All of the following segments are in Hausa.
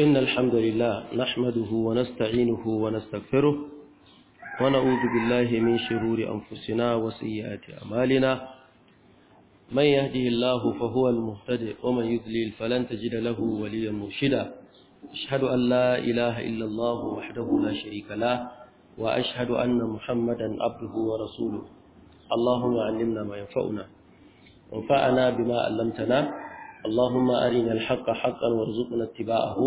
إن الحمد لله نحمده ونستعينه ونستغفره ونعوذ بالله من شرور أنفسنا وسيئات أمالنا من يهده الله فهو المهتد ومن يذلل فلن تجد له وليا مرشدا أشهد أن لا إله إلا الله وحده لا شريك له وأشهد أن محمدا عبده ورسوله اللهم علمنا ما ينفعنا وانفعنا بما علمتنا اللهم أرنا الحق حقا وارزقنا اتباعه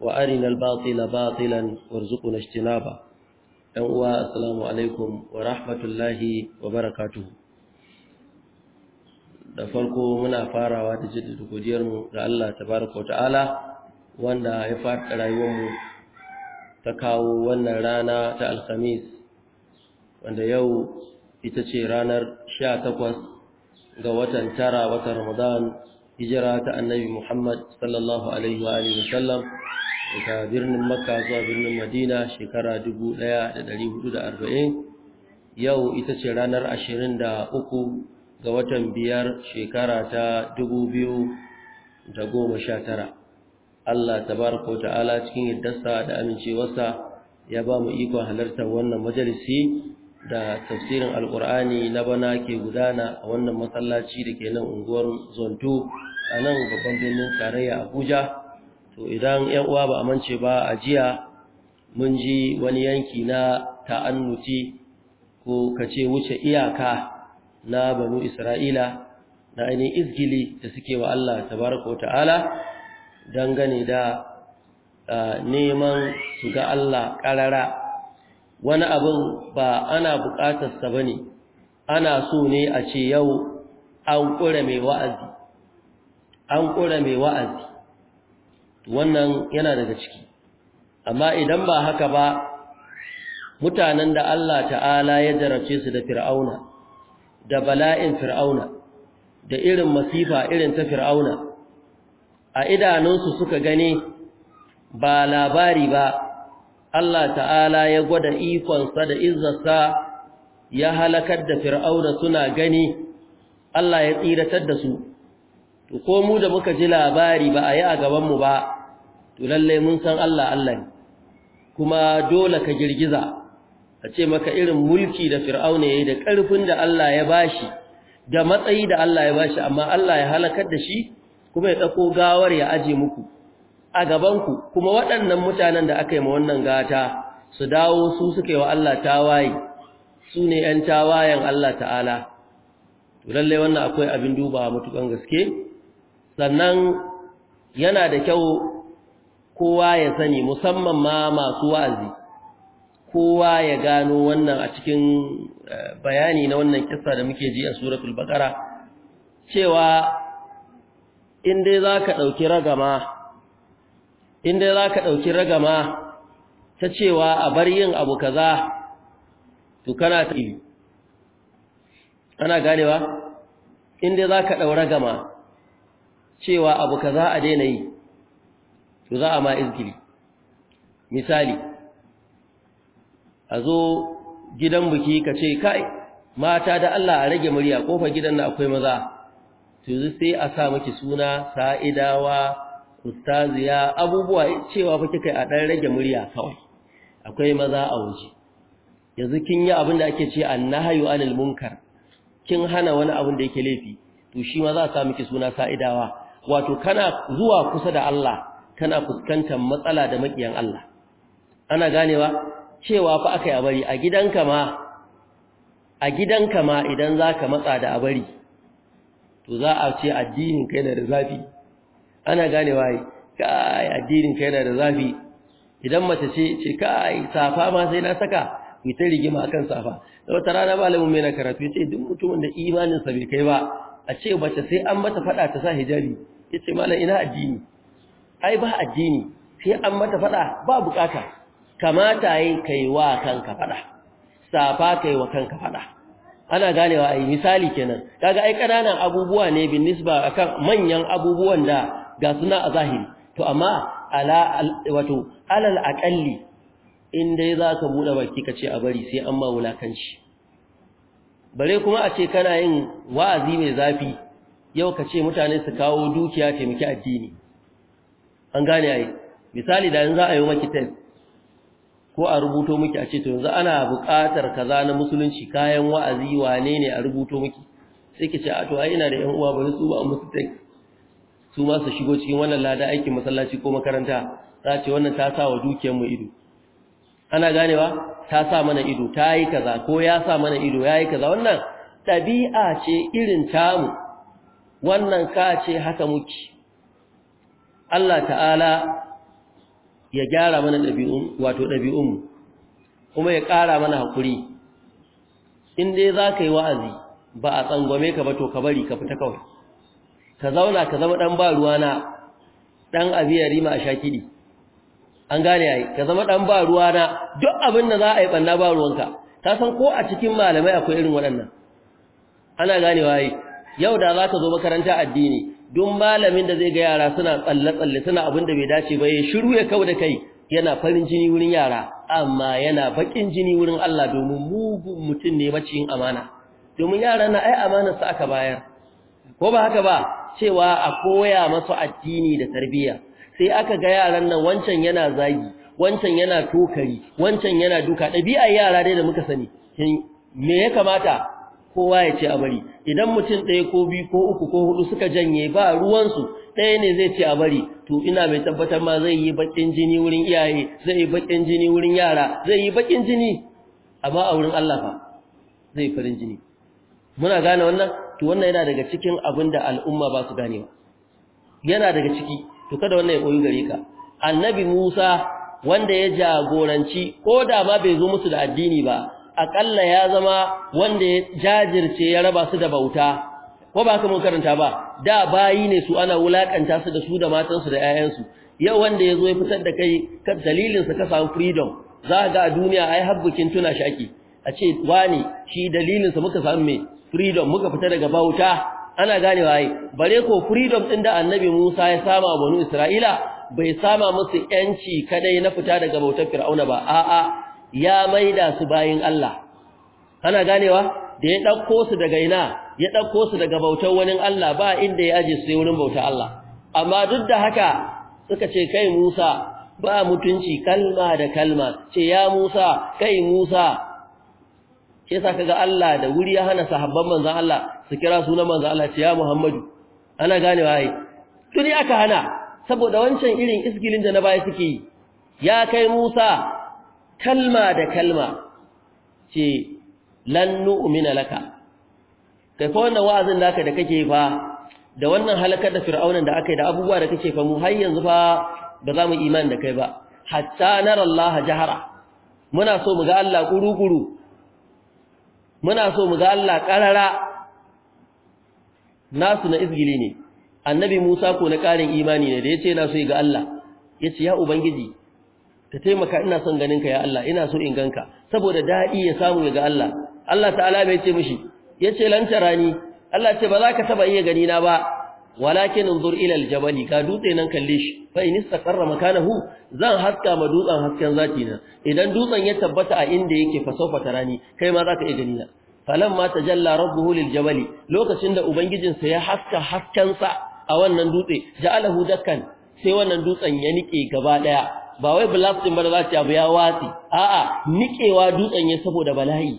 وأرنا الباطل باطلا وارزقنا اجتنابه أنوا السلام عليكم ورحمة الله وبركاته da farko muna farawa da jaddada godiyarmu ga Allah tabaraka wa ta'ala wanda ya rayuwar rayuwarmu ta kawo wannan rana ta alhamis wanda yau ita ce ranar 18 ga watan tara watan ramadan hijira ta annabi Muhammad sallallahu alaihi wa alihi wasallam daga birnin Makka zuwa birnin Madina shekara 1440 yau ita ce ranar 23 ga watan biyar shekara ta 2019 Allah tabaraka ta'ala cikin yaddarsa da amincewarsa ya ba mu ikon halartar wannan majalisi da tafsirin alkur'ani na bana ke gudana a wannan masallaci da ke nan unguwar zonto a nan babban birnin tarayya abuja to idan yan uwa ba a mance ba a jiya mun ji wani yanki na ta'annuti ko kace wuce iyaka na banu isra'ila na ainihin izgili da suke wa allah tabaraka wa ta'ala dangane da neman su ga allah ƙarara wani abin ba ana buƙatarsa ba ne ana so ne a ce yau an ƙura mai wa'azi an ƙura mai wa'azi wannan yana daga ciki amma idan ba haka ba mutanen da Allah ta'ala ya jarabce su da fir'auna da bala'in fir'auna da irin masifa irin ta fir'auna a idanunsu suka gane ba labari ba Allah ta'ala ya gwada ikonsa da izzarsa ya halakar da fir'auna suna gani Allah ya tsiratar da su to ko mu da muka ji labari ba a yi a gaban mu ba to lalle mun san Allah Allah kuma dole ka girgiza a ce maka irin mulki da fir'auna yayi da karfin da Allah ya bashi da matsayi da Allah ya bashi amma Allah ya halakar da shi kuma ya dauko gawar ya aje muku a gabanku kuma waɗannan mutanen da aka yi ma wannan gata su dawo su suke wa Allah tawaye su ne ‘yan tawayen Allah ta'ala lallai wannan akwai abin duba mutukan gaske sannan yana da kyau kowa ya sani musamman ma masu wa'azi kowa ya gano wannan a cikin eh, bayani na wannan kissa da muke ji a suratul baqara cewa in dai za ka ɗauki ragama inda za ka ɗauki ragama ta cewa a bar yin abu kaza to kana ta yi ana ganewa inda za ka ɗau ragama cewa abu kaza a daina yi to za a ma izgili misali a zo gidan buki ka ce kai mata da Allah a rage murya kofar gidan na akwai maza to sai a sa miki suna sa'idawa ustaziya abubuwa cewa fa kika a dan rage murya kawai akwai maza a waje yanzu kin yi abin da ake ce annahayu anil munkar kin hana wani abin da yake laifi to shi ma za a sa miki suna sa'idawa wato kana zuwa kusa da Allah kana fuskantar matsala da makiyan Allah ana ganewa cewa fa aka yi abari a gidanka ma a gidanka ma idan zaka matsa da abari to za a ce addinin kai da zafi ana gane ai kai addinin kai yana da zafi idan mace ce ce kai safa ma sai na saka yi ta rigima akan safa da wata rana malamin mai na karatu ce duk mutumin da imanin sa bai kai ba a ce mace sai an mata fada ta sa hijabi yace malam ina addini ai ba addini sai an mata fada ba bukata kamata yi kai wa kanka fada safa kai wa kanka fada ana ganewa ai misali kenan kaga ai kananan abubuwa ne bin nisba akan manyan abubuwan da ga suna a zahiri to amma ala wato alal aqalli in dai ka bude baki ka ce a bari sai an ma wulakanci bare kuma a ce kana yin wa'azi mai zafi yau ka ce mutane su kawo dukiya taimaki addini an gane ai misali da yanzu za a yi maki test ko a rubuto miki a ce to yanzu ana buƙatar kaza na musulunci kayan wa'azi wane ne a rubuto miki sai ki ce a to ai ina da ƴan uwa bari su ba musu test su ma su shigo cikin wannan lada aikin masallaci ko makaranta za ce wannan ta sa wa dukiyar mu ido ana ganewa ta sa mana ido ta yi kaza ko ya sa mana ido ya yi kaza wannan ɗabi'a ce irin tamu wannan ka ce haka muke Allah ta'ala ya gyara mana ɗabi'un wato ɗabi'unmu kuma ya ƙara mana haƙuri in dai za ka yi wa'azi ba a tsangwame ka ba to ka bari ka fita kawai ka zauna ka zama dan ba ruwa na dan abiya rima a shakidi an gane yayi ka zama dan ba ruwa na duk abin da za a yi banna ba ruwanka ka san ko a cikin malamai akwai irin waɗannan ana ganewa yi yau da za ka zo makaranta addini don malamin da zai ga yara suna tsalle-tsalle suna abin da bai dace ba ya shiru ya kau da kai yana farin jini wurin yara amma yana bakin jini wurin Allah domin mugun mutum ne maciyin amana domin yara na ai amanar sa aka bayar ko ba haka ba cewa a koya masu addini da tarbiyya sai aka ga yaran nan wancan yana zagi wancan yana tokari wancan yana duka dabia yara dai da muka sani me ya kamata kowa ya ce a bari idan mutum ɗaya ko biyu ko uku ko hudu suka janye ba ruwansu ɗaya ne zai ce a bari to ina mai tabbatar ma zai yi baƙin jini wurin iyaye zai yi baƙin jini wurin yara zai yi baƙin jini amma a wurin Allah fa zai farin jini muna gane wannan to wannan yana daga cikin abin da al'umma ba su ganewa yana daga ciki to kada wannan ya koyi gare ka annabi Musa wanda ya jagoranci ko da ma bai zo musu da addini ba akalla ya zama wanda ya jajirce ya raba su da bauta ko ba ka mun karanta ba da bayi ne su ana wulakanta su da su da matansu da 'ya'yansu yau wanda ya zo ya fitar da kai kan dalilinsa ka samu freedom za ga a duniya ai habbukin tuna shi ake a ce wani shi dalilinsa muka samu me freedom muka fita daga bauta ana gane waye bare ko freedom din da annabi Musa ya sama wa banu Isra'ila bai sama musu yanci kadai na fita daga bautar Fir'auna ba a'a ya maida su bayin Allah ana ganewa da ya dauko su daga ina ya dauko su daga bautar wani Allah ba inda ya aje su wurin bautar Allah amma duk da haka suka ce kai Musa ba mutunci kalma da kalma ce ya Musa kai Musa shi yasa kaga Allah da wuri ya hana sahabban manzon Allah su kira sunan manzon Allah ce ya Muhammadu ana ganewa ai tuni aka hana saboda wancan irin isgilin da na baya suke ya kai Musa kalma da kalma ce lan nu'mina laka kai fa wannan wa'azin naka da kake fa da wannan halakar da fir'aunan da aka da abubuwa da kake fa mu har yanzu fa ba za mu imani da kai ba hatta narallaha jahara muna so mu ga Allah kuru-kuru muna so mu ga Allah karara nasu na izgili ne annabi Musa ko na karin imani ne da yace na so ga Allah yace ya ubangiji ka taimaka ina son ganin ka ya Allah ina so in ganka saboda dadi ya samu ga Allah Allah ta'ala bai ce mishi yace lan ni. Allah ce ba za ka taba iya gani na ba walakin unzur ila aljabal ka dutse nan kalle shi fa in istaqarra makanahu zan haska ma dutsen hasken zati na idan dutsen ya tabbata a inda yake fa sofa tarani kai ma zaka iya gani na ma tajalla rabbuhu liljabal lokacin da ubangijin sa ya haska hasken sa a wannan dutse ja'alahu dakkan sai wannan dutsen ya nike gaba daya ba wai blasting ba da zaci abu ya watsi a'a nikewa dutsen ya saboda bala'i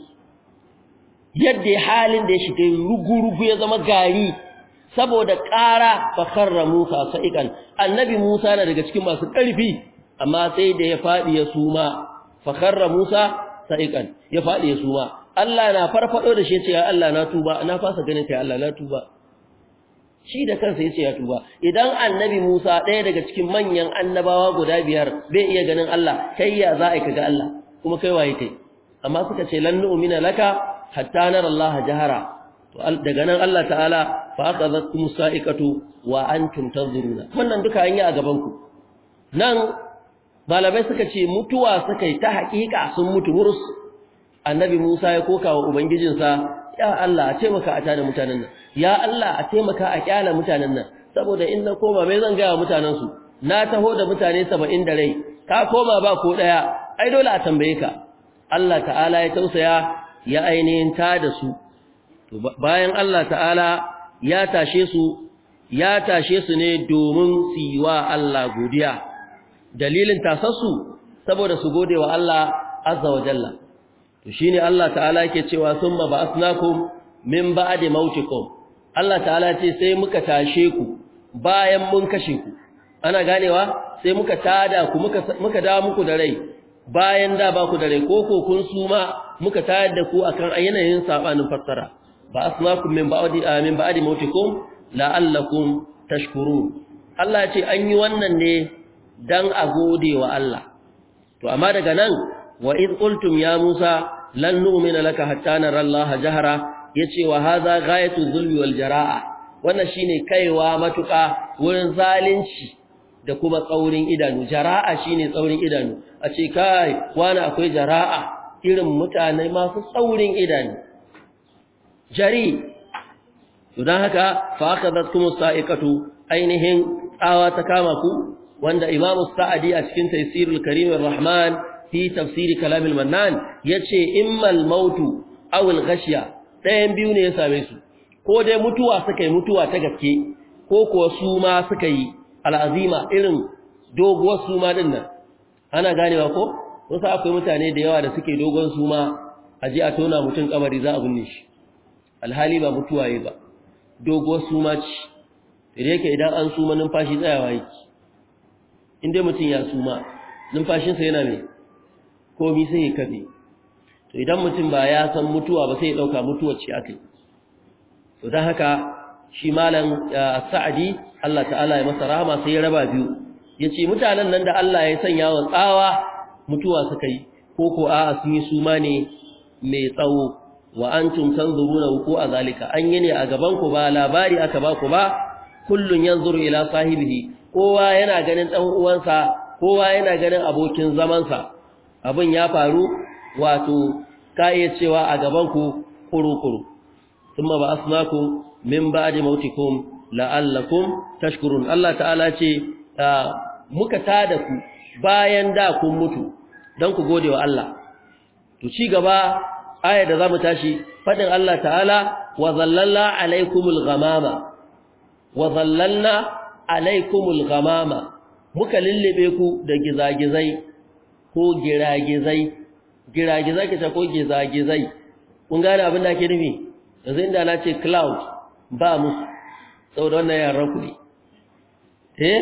yadda halin da ya shiga rugurugu ya zama gari saboda ƙara fa kharra Musa sa'ikan, annabi Musa na daga cikin masu ƙarfi amma sai da ya fadi ya suma fa kharra Musa sa'ikan ya fadi ya suma Allah na farfado da shi ya ce Allah na tuba na fasa ganin kai Allah na tuba shi da kansa yace ya tuba idan annabi Musa ɗaya daga cikin manyan annabawa guda biyar bai iya ganin Allah kai ya za a kaga Allah kuma kai waye kai amma suka ce lan nu'mina laka hatta nara Allah jahara daga nan Allah ta'ala fa akhadhatkum musa'ikatu wa antum tanzuruna wannan duka an yi a gaban ku nan malamai suka ce mutuwa suka yi ta haƙiƙa sun mutu murus annabi Musa ya koka wa ubangijinsa ya Allah a taimaka a tada mutanen nan ya Allah a taimaka a kyala mutanen nan saboda in na koma mai zan gaya mutanen su na taho da mutane saba'in da rai ka koma ba ko daya ai dole a tambaye ka Allah ta'ala ya tausaya ya ainihin ta da su bayan Allah ta'ala ya tashe su ya tashe su ne domin siwa Allah godiya dalilin tasassu saboda su gode wa Allah azza wa jalla to shine Allah ta'ala yake cewa summa ba'athnakum min ba'di mautikum Allah ta'ala ce sai muka tashe ku bayan mun kashe ku ana ganewa sai muka tada ku muka muka da muku da rai bayan da ba ku da rai ko ko kun suma muka tayar da ku akan yanayin sabanin fassara ba'athnakum min ba'di amin ah, ba'di mautikum la'allakum tashkurun Allah ya ce an yi wannan ne dan a gode wa Allah to amma daga nan wa id qultum ya Musa lan nu'mina laka hatta nara Allah jahara yace wa hadha ghayatu zulmi wal jaraa wannan shine kaiwa matuka wurin zalunci da kuma tsaurin idanu jara'a shine tsaurin idanu a ce kai wani akwai jara'a irin mutane masu tsaurin idanu jari don haka fa aka sa'ikatu ainihin tsawa ta kama ku wanda imam sa'adi a cikin tafsirul karim rahman fi tafsiri kalam al-mannan yace immal mautu aw al-ghashya ɗayan biyu ne ya same su ko dai mutuwa suka yi mutuwa ta gaske ko kuwa su ma suka yi al'azima irin doguwar su ma din nan ana ganewa ko wasu akwai mutane da yawa da suke dogon su ma a a tona mutum kamari za a binne shi alhali ba mutuwaye ba dogo suma ce da yake idan an suma numfashi tsayawa yake inda mutum ya suma numfashinsa yana mai komi sai ya kafe to idan mutum ba ya san mutuwa ba sai ya ɗauka mutuwar ce aka yi to don haka shi malam sa'adi Allah ta'ala ya masa rahama sai ya raba biyu ya ce mutanen nan da Allah ya sanya wa tsawa mutuwa suka yi ko ko a'a sun yi suma ne mai tsawo wa antum tanzuruna wuqu'a zalika an yi ne a gaban ku ba labari aka ba ku ba kullun yanzuru ila sahibihi kowa yana ganin dan uwansa kowa yana ganin abokin zamansa abin ya faru wato ka cewa a gaban ku kurukuru thumma ba asmaku min ba'di mautikum la'allakum tashkurun Allah ta'ala ce ah, muka tada ku bayan da kun mutu don ku gode wa Allah to ci gaba aya da zamu tashi fadin Allah ta'ala wa zallalna alaikumul ghamama wa zallalna alaikumul ghamama muka lillebe ku da gizagizai ko giragizai giragizai kace ko gizagizai kun gane abin da ke nufi yanzu inda na ce cloud ba musu saboda wannan ya ranku ne eh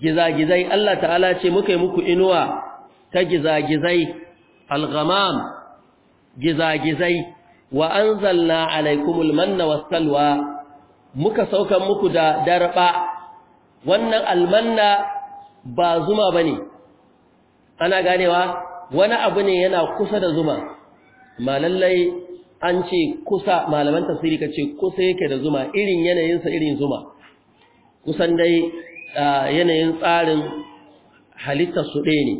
gizagizai Allah ta'ala ce muka yi muku inuwa ta gizagizai al-ghamam gizagizai wa anzalna alaikumul manna wassalwa muka saukan muku da darba wannan almanna ba zuma bane ana ganewa wani abu ne yana kusa da zuma ma lallai an ce kusa malaman tafsiri kace kusa yake da zuma irin yanayinsa irin zuma kusan dai yanayin tsarin halittar su ɗaya ne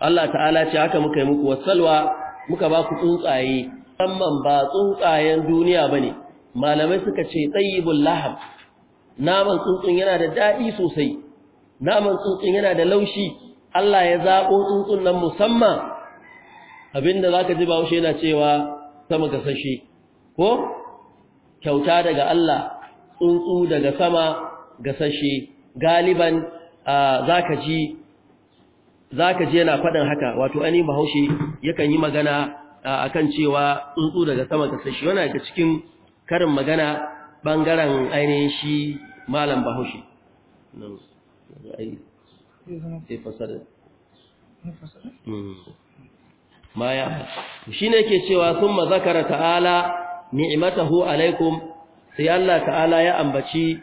Allah ta'ala ce haka muka yi muku wasalwa muka ba ku tsuntsaye musamman ba tsuntsayen duniya ba ne malamai suka ce bun lahab naman tsuntsun yana da daɗi sosai naman tsuntsun yana da laushi Allah ya zaɓo tsuntsun nan musamman abinda za ka ji bahaushe yana cewa sama ka sashe ko kyauta daga Allah tsuntsu daga sama ga sashe. galiban za ka ji za ka je yana faɗin haka wato ainihin bahaushe yakan yi magana a kan cewa tsuntsu daga sama ka sashi yana daga cikin karin magana ɓangaren ainihin shi malam bahaushe hmm. maya shi ne ke cewa sun mazakara ta'ala ni'imatahu alaikum sai Allah ta'ala ya ambaci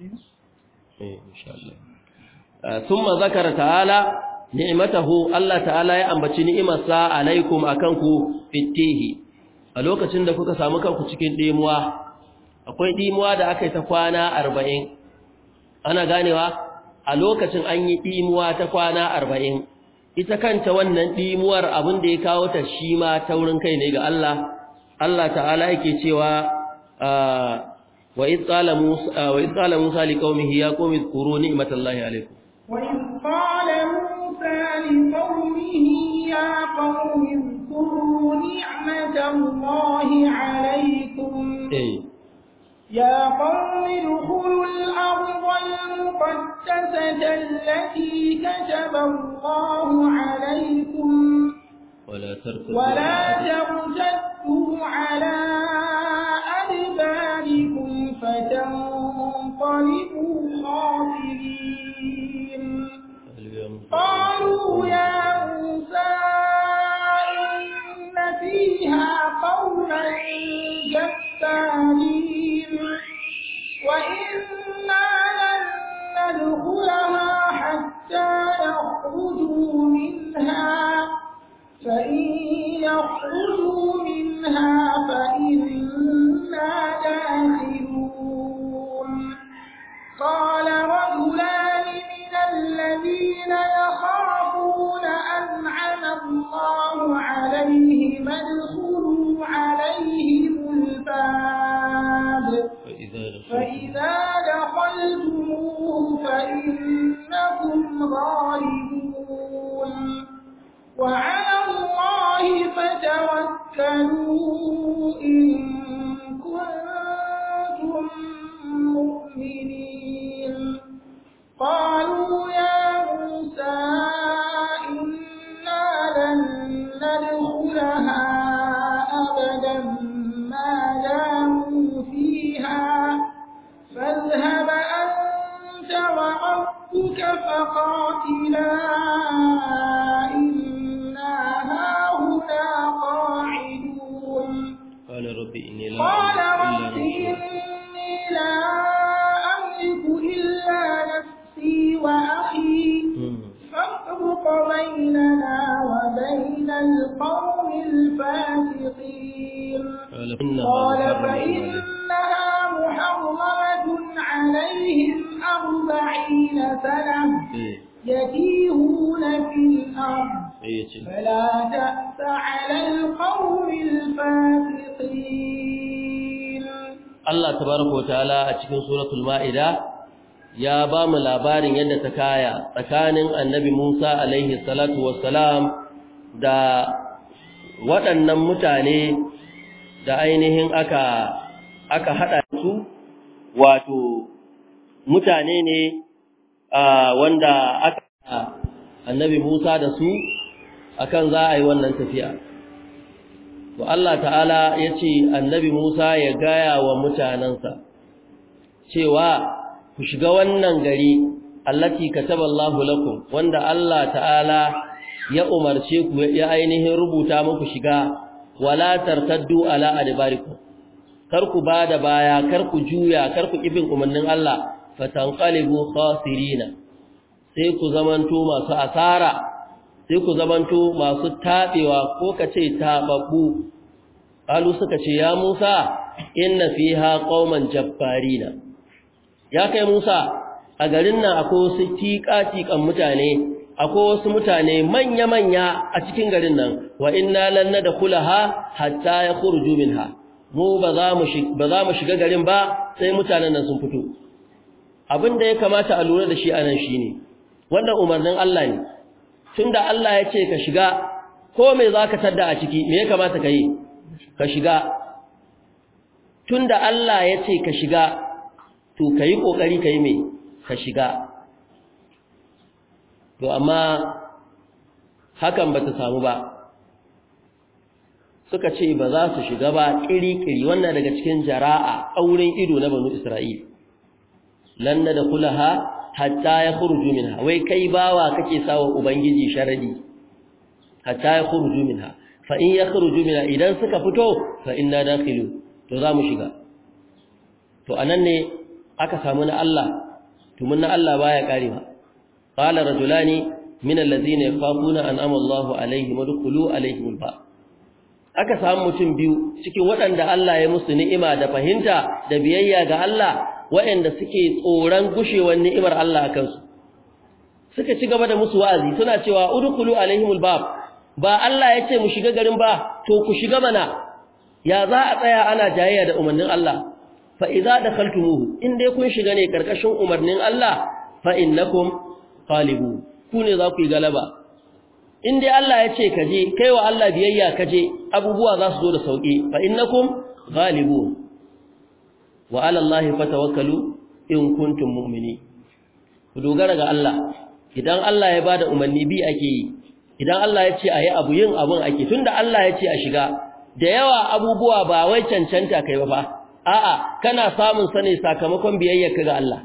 Yes. thumma zakara ta'ala ni'matahu Allah ta'ala ya ambaci ni'imarsa alaikum akanku ku fitihi a lokacin da kuka samu kanku cikin dimuwa akwai dimuwa da akai ta kwana 40 ana ganewa a lokacin an yi dimuwa ta kwana 40 ita kanta wannan dimuwar abin da ya kawo ta shi ma taurin kai ne ga Allah Allah ta'ala yake cewa ah, وإذ قال موسى آه، وإذ قال موسى لقومه يا قوم اذكروا نعمة الله عليكم وإذ قال موسى لقومه يا قوم اذكروا نعمة الله عليكم إيه؟ يا قوم ادخلوا الأرض المقدسة التي كتب الله عليكم ولا ترتدوا على قالوا يا موسى إن فيها قوما جبارين وإنا لن ندخلها حتى يخرجوا منها فإن يخرجوا منها فإنا داخلون قال رجلان الذين يخافون أنعم الله عليهم ادخلوا عليهم الباب فإذا دخلتموه فإنكم غالبون وعلى الله فتوكلوا إن كنتم مؤمنين قالوا يا إنا لن ندخلها أبدا ما داموا فيها فاذهب أنت وربك فقاتلا إنا هاهنا قاعدون قال رب إني لا قال رب إني لا قال فإنها محرمة عليهم أربعين سنة يتيهون في الأرض فلا تأس على القوم الفاسقين الله تبارك وتعالى أتكن سورة المائدة ya ba mu labarin yadda ta kaya tsakanin annabi Musa alaihi salatu wassalam da waɗannan mutane da ainihin aka aka hada su wato mutane ne wanda aka annabi Musa da su akan za a yi wannan tafiya to Allah ta'ala ya ce annabi Musa ya gaya wa mutanensa cewa ku shiga wannan gari allati Allah lakum wanda Allah ta'ala ya umarce ku ya ainihin rubuta muku shiga wala tartaddu ala adbarikum kar ku bada baya kar ku juya kar ku kibin umarnin Allah fatanqalibu khasirina sai ku zamanto masu asara sai ku zamanto masu tabewa ko kace tababbu alu suka ce ya Musa inna fiha qauman jabbarina ya kai Musa a garin nan akwai su tika tikan mutane akwai wasu mutane manya-manya a cikin garin nan wa inna lan nadkhulaha hatta yakhruju minha mu ba za mu ba za mu shiga garin ba sai mutanen nan sun fito abin da ya kamata a lura da shi anan shine wannan umarnin Allah ne tunda Allah ya ce ka shiga ko me zaka tadda a ciki me ya kamata ka yi ka shiga tunda Allah ya ce ka shiga to kai kokari kai me ka shiga to amma hakan ba ta samu ba suka ce ba za su shiga ba ƙiri-ƙiri wannan daga cikin jara'a auren ido na banu isra'il lanna da kulaha hatta ya kurju minha wai kai bawa kake sawa ubangiji sharadi hatta ya kurju minha fa in ya jumin minha idan suka fito fa inna dakhilu to za mu shiga to anan ne aka samu na Allah to mun na Allah baya karewa رجلان من الذين يخافون ان an amallahu عليهم wadkhulu عليهم ba aka samu mutum biyu cikin waɗanda Allah ya musu ni'ima da fahimta da biyayya ga Allah waɗanda suke tsoron gushewar ni'imar Allah akan su suka ci gaba da musu wa'azi suna cewa udkhulu alaihimul bab ba Allah ya ce mu shiga garin ba to ku shiga mana ya za a tsaya ana jayayya da umarnin Allah fa idza dakhaltumuhu in dai kun shiga ne karkashin umarnin Allah fa innakum qalibu ku ne za ku yi galaba in dai Allah ya ce kaje, kai wa Allah biyayya kaje, abubuwa za su zo da sauki fa innakum ghalibun wa ala Allah fatawakkalu in kuntum mu'mini ku dogara ga Allah idan Allah ya bada umarni bi ake yi idan Allah ya ce ayi abu yin abun ake tunda Allah ya ce a shiga da yawa abubuwa ba wai cancanta kai ba fa a'a kana samun sani sakamakon ka ga Allah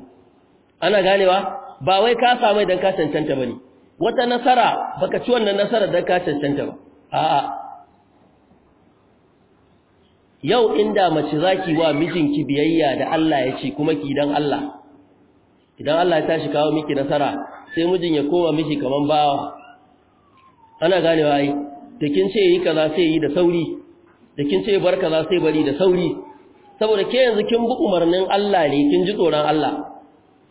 ana ganewa ba wai ka samu idan ka cancanta ba ne wata nasara baka ci wannan nasara don ka cancanta ba a'a yau inda mace za ki wa mijinki biyayya da Allah ya ce kuma ki dan Allah idan Allah ya tashi kawo miki nasara sai mijin ya koma miki kaman bawa ana ganewa ai da kin ce yi kaza sai yi da sauri da kin ce bar kaza sai bari da sauri saboda ke yanzu kin bi umarnin Allah ne kin ji tsoron Allah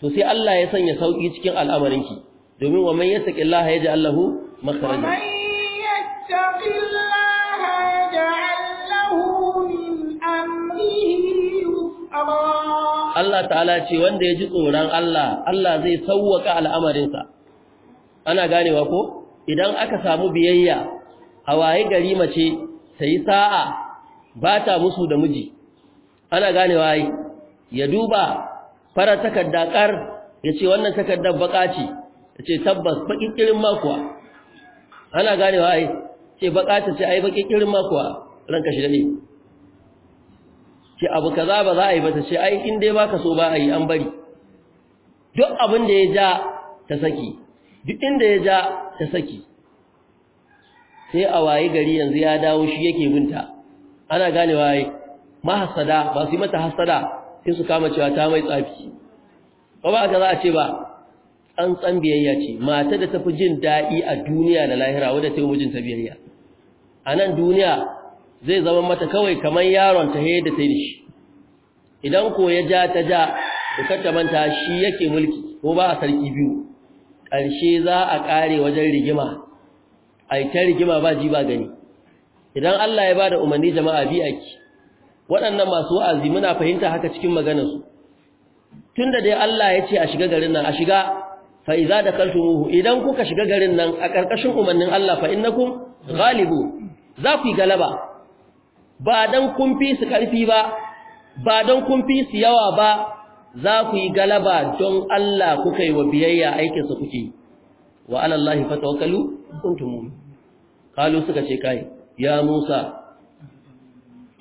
to sai Allah ya sanya sauki cikin al'amarinki domin wa man yattaqillaha yaj'al lahu makhraja man yattaqillaha lahu min amrihi Allah ta'ala ce wanda ya ji tsoron Allah Allah zai sauwaka al'amarinsa ana ganewa ko idan aka samu biyayya a waye gari mace ta sa'a ba ta musu da miji ana ganewa yi ya duba fara takarda kar yace wannan takardar baka ce yace tabbas bakin kirin makuwa ana ganewa ai ce baka ta ce ai bakin kirin makuwa ranka shi dade ce abu kaza ba za a yi ba ta ce ai in dai baka so ba a yi an bari duk abin da ya ja ta saki duk inda ya ja ta saki sai a waye gari yanzu ya dawo shi yake binta ana ganewa ai mahasada ba su yi mata hasada sai su kama cewa ta mai tsafi ba ba ka za a ce ba tsantsan biyayya ce mata da tafi jin daɗi a duniya da lahira wadda ta yi mijinta biyayya a nan duniya zai zama mata kawai kamar yaron ta da ta yi shi idan ko ya ja ta ja ta manta shi yake mulki ko ba a sarki biyu ƙarshe za a ƙare wajen rigima a yi rigima ba ji ba gani idan Allah ya ba da umarni jama'a biya waɗannan masu wa'azi muna fahimta haka cikin maganarsu tunda dai Allah ya ce a shiga garin nan a shiga fa iza dakaltumuhu idan kuka shiga garin nan a ƙarƙashin umarnin Allah fa innakum ghalibu za ku yi galaba ba dan kun fi su ƙarfi ba ba dan kun fi su yawa ba za ku yi galaba don Allah kuka yi wa biyayya aikin sa kuke wa ala Allah fatawakkalu kuntum qalu suka ce kai ya Musa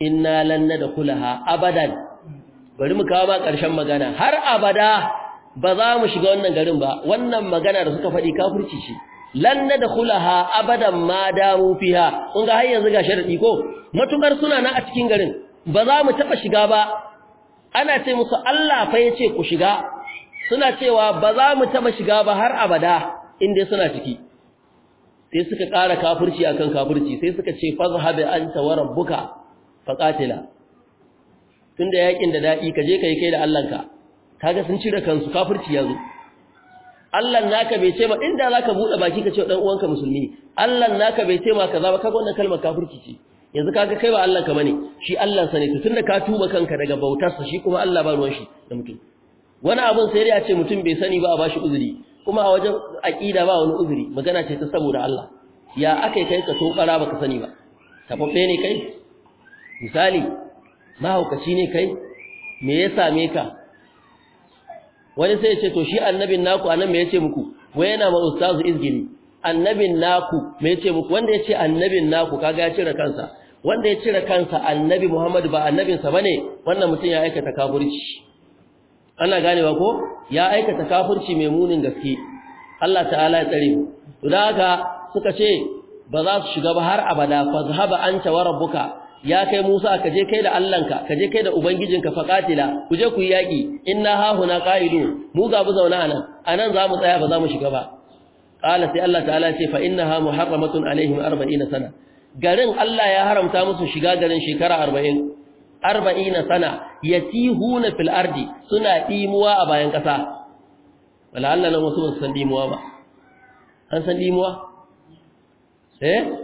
inna lan nadkhulaha abadan bari mu kawo ma ƙarshen magana har abada ba za mu shiga wannan garin ba wannan magana da suka faɗi kafirci shi lan nadkhulaha abadan ma damu fiha kun ga har yanzu ga sharadi ko matukar suna na a cikin garin ba za mu taba shiga ba ana ce musu Allah fa ce ku shiga suna cewa ba za mu taba shiga ba har abada inda suna ciki sai suka ƙara kafirci akan kafirci sai suka ce fazhabi anta wa rabbuka faqatila tunda yaƙin da daɗi ka je kai kai da Allahnka ga sun cire kansu kafirci yazo Allah naka bai ce ma, inda ka buɗe baki ka ce dan uwanka musulmi Allah naka bai ce ma ka ba kaga wannan kalmar kafirci ce yanzu kaga kai ba Allah ba ne, shi Allah sa ne tunda ka tuba kanka daga bautarsa shi kuma Allah ba ruwan shi da mutum wani abun sai ya ce mutum bai sani ba a bashi uzuri kuma a wajen aƙida ba wani uzuri magana ce ta saboda Allah ya akai kai ka ƙara ba baka sani ba tafaffe ne kai misali mahaukaci ne kai me ya same ka wani sai ya ce to shi annabin naku anan me ya ce muku wai yana ma ustazu izgini annabin naku me ya ce muku wanda ya ce annabin naku kaga ya cire kansa wanda ya cire kansa annabi Muhammad ba annabinsa bane wannan mutum ya aikata kafirci ana ganewa ko ya aikata kafirci mai munin gaske Allah ta'ala ya tsare mu to da haka suka ce ba za su shiga ba har abada fa zahaba anta wa rabbuka ya kai Musa ka je kai da Allahnka ka je kai da ubangijinka faqatila ku je ku yaki inna hahuna qa'idu mu ga bu zauna anan anan za mu tsaya ba za mu shiga ba qala sai Allah ta'ala ce fa innaha muharramatun alaihim 40 sana garin Allah ya haramta musu shiga garin shekara 40 40 sana yatihuna fil ardi suna dimuwa a bayan kasa wala Allah nan wasu ba su san dimuwa ba an san dimuwa eh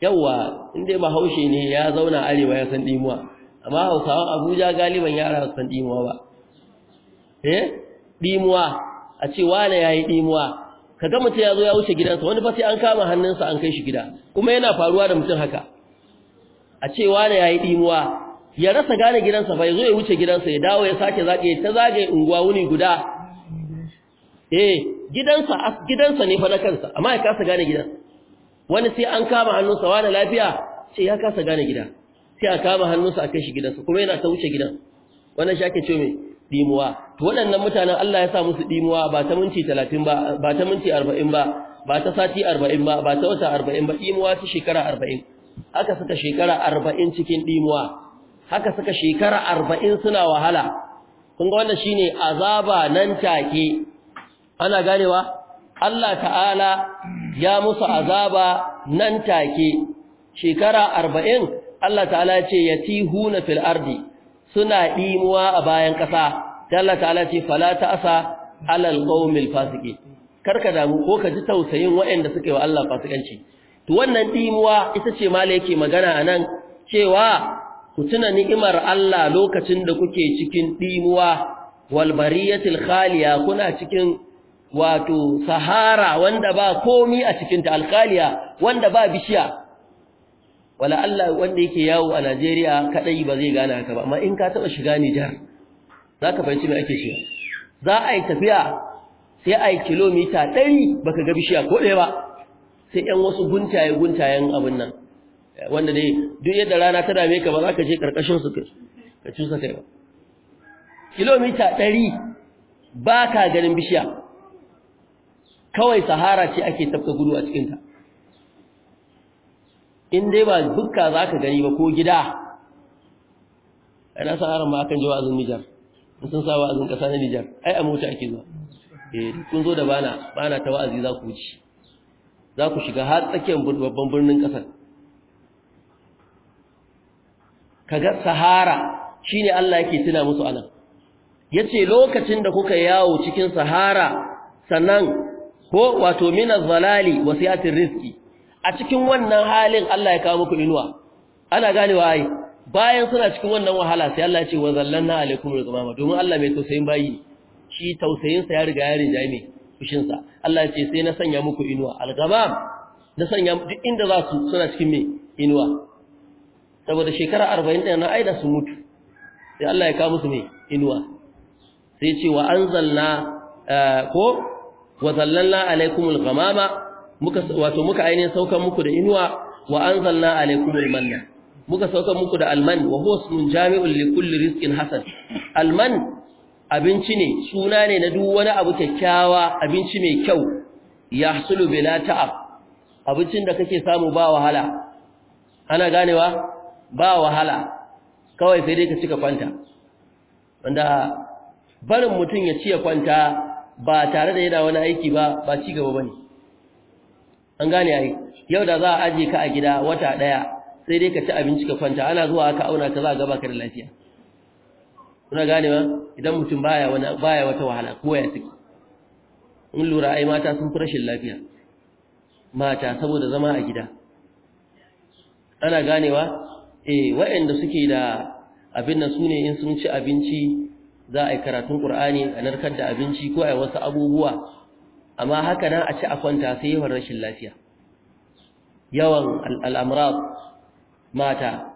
yawa inda ba haushe ne ya zauna arewa ya san dimuwa amma hausawan abuja galiban yara san dimuwa ba eh dimuwa a ce wane ɗimuwa? dimuwa ga mutum ya zo ya wuce gidansa wani fa sai an kama hannunsa an kai shi gida kuma yana faruwa da mutum haka a ce wane yi dimuwa ya rasa gane gidansa fa ya zo ya wuce gidansa ya dawo ya sake zage ta zage unguwa wuni guda eh gidansa gidansa ne fa na kansa amma ya kasa gane gidansa wani sai an kama hannunsa wani lafiya ce ya kasa gane gida sai a kama hannunsa a kai shi gidansa kuma yana ta wuce gidan wannan shi ake ce mai dimuwa to waɗannan mutanen Allah ya sa musu dimuwa ba ta minti 30 ba ba ta minti 40 ba ba ta sati 40 ba ba ta wata 40 ba dimuwa ta shekara 40 haka suka shekara 40 cikin dimuwa haka suka shekara 40 suna wahala kun ga wannan shine azaba nan take ana ganewa Allah ta'ala ya musu azaba nan take shekara arba'in Allah ta'ala ce ya tihu fil ardi suna ɗimuwa a bayan ƙasa Allah ta'ala ce fala ta'asa alal fasike. karka damu ko ka ji tausayin waɗanda suke wa Allah fasikanci to wannan ɗimuwa ita ce mala yake magana nan, cewa ku tuna ni'imar Allah lokacin da kuke cikin ɗimuwa wal khaliya kuna cikin wato sahara wanda ba komi a cikinta alkaliya wanda ba bishiya wala Allah wanda yake yawo a Najeriya kadai ba zai gane haka ba amma in ka taba shiga Niger zaka fahimci me ake cewa za a yi tafiya sai a yi kilomita 100 baka ga bishiya ko dai ba sai ɗan wasu guntaye guntayen abin nan wanda dai duk yadda rana ta dame ka ba za ka je karkashin su ka cusa kai ba kilomita 100 ba ka ganin bishiya kawai sahara ce ake tafka gudu a cikinta in dai ba dukka za ka gani ba ko gida ana sahara ma akan jawa wa'azin nijar in sun sa wa'azin ƙasa na nijar ai a mota ake zuwa eh kun zo da bana bana ta wa'azi za ku wuce za ku shiga har tsakiyar babban birnin ƙasar kaga sahara shine Allah yake tuna musu anan yace lokacin da kuka yawo cikin sahara sannan ko wato min az-zalali wa siyatir rizqi a cikin wannan halin Allah ya kawo muku inuwa ana ganewa ai bayan suna cikin wannan wahala sai Allah ya ce wa zallanna alaikum rizqama domin Allah mai tausayin bayi shi tausayin sa ya riga ya rija mai kushin sa Allah ya ce sai na sanya muku inuwa al-ghamam na sanya duk inda za su suna cikin me inuwa saboda shekara 40 din na aida su mutu sai Allah ya kawo musu me inuwa sai ce wa anzalna eh, ko wa zallalna alaikumul ghamama muka wato muka ainihin saukan muku da inuwa wa anzalna alaikumul manna muka saukan muku da alman wa huwa ismun jami'ul li kulli rizqin hasan alman abinci ne suna ne na duk wani abu kyakkyawa abinci mai kyau yahsulu bila ta'ab abincin da kake samu ba wahala ana ganewa ba wahala kawai sai dai ka cika kwanta wanda barin mutum ya ci ya kwanta ba tare da yana wani aiki ba ba ci gaba bane an gane ai yau da za a aje ka a gida wata daya sai dai ka ci abinci ka kwanta ana zuwa aka auna ka za gaba ka da lafiya kuna gane ba idan mutum baya wani baya wata wahala ko ya tiki in lura ai mata sun fi rashin lafiya mata saboda zama a gida ana ganewa eh waɗanda suke da abin nan sune in sun ci abinci za a yi karatun ƙur'ani a narkar da abinci ko a yi wasu abubuwa amma haka nan a ci a kwanta sai yawan rashin lafiya yawan al'amurar mata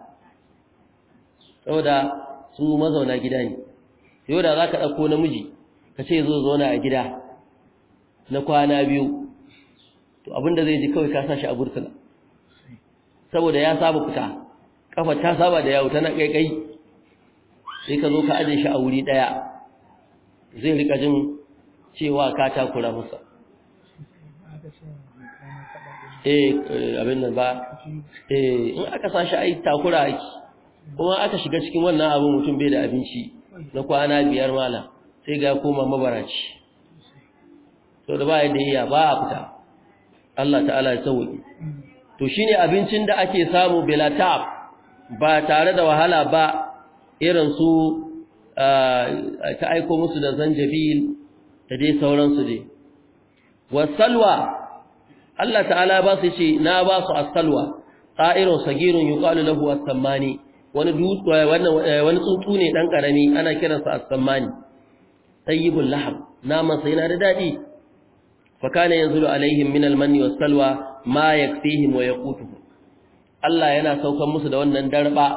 saboda su mazauna gida ne yau da za ka ɗauko namiji ka ce zo zauna a gida na kwana biyu to abinda zai ji kawai ka sa shi a burtula saboda ya saba fita kafa ta saba da yawo tana ƙaiƙai sai ka zo ka ajin shi a wuri ɗaya. zai rika jin cewa ka takura masa eh, eh abin nan ba eh in aka sashi ai takura aiki. kuma aka shiga cikin wannan abin mutum bai da abinci na kwana biyar mala sai ga koma mabaraci to da ba yadda da iya ba a fita Allah ta'ala ya sauke to shine abincin da ake samu bila ba tare da wahala ba irin su ta aiko musu da zanjabil da dai sauransu dai wasalwa Allah ta'ala ba su ce na ba su asalwa qa'irun sagirun yuqalu lahu as wani dutse wani tsuntsu ne dan karami ana kiransa as-sammani tayyibul lahab naman sai na da dadi fa kana yanzulu alaihim min al-manni was-salwa ma yakfihim wa yaqutuhum Allah yana saukan musu da wannan darba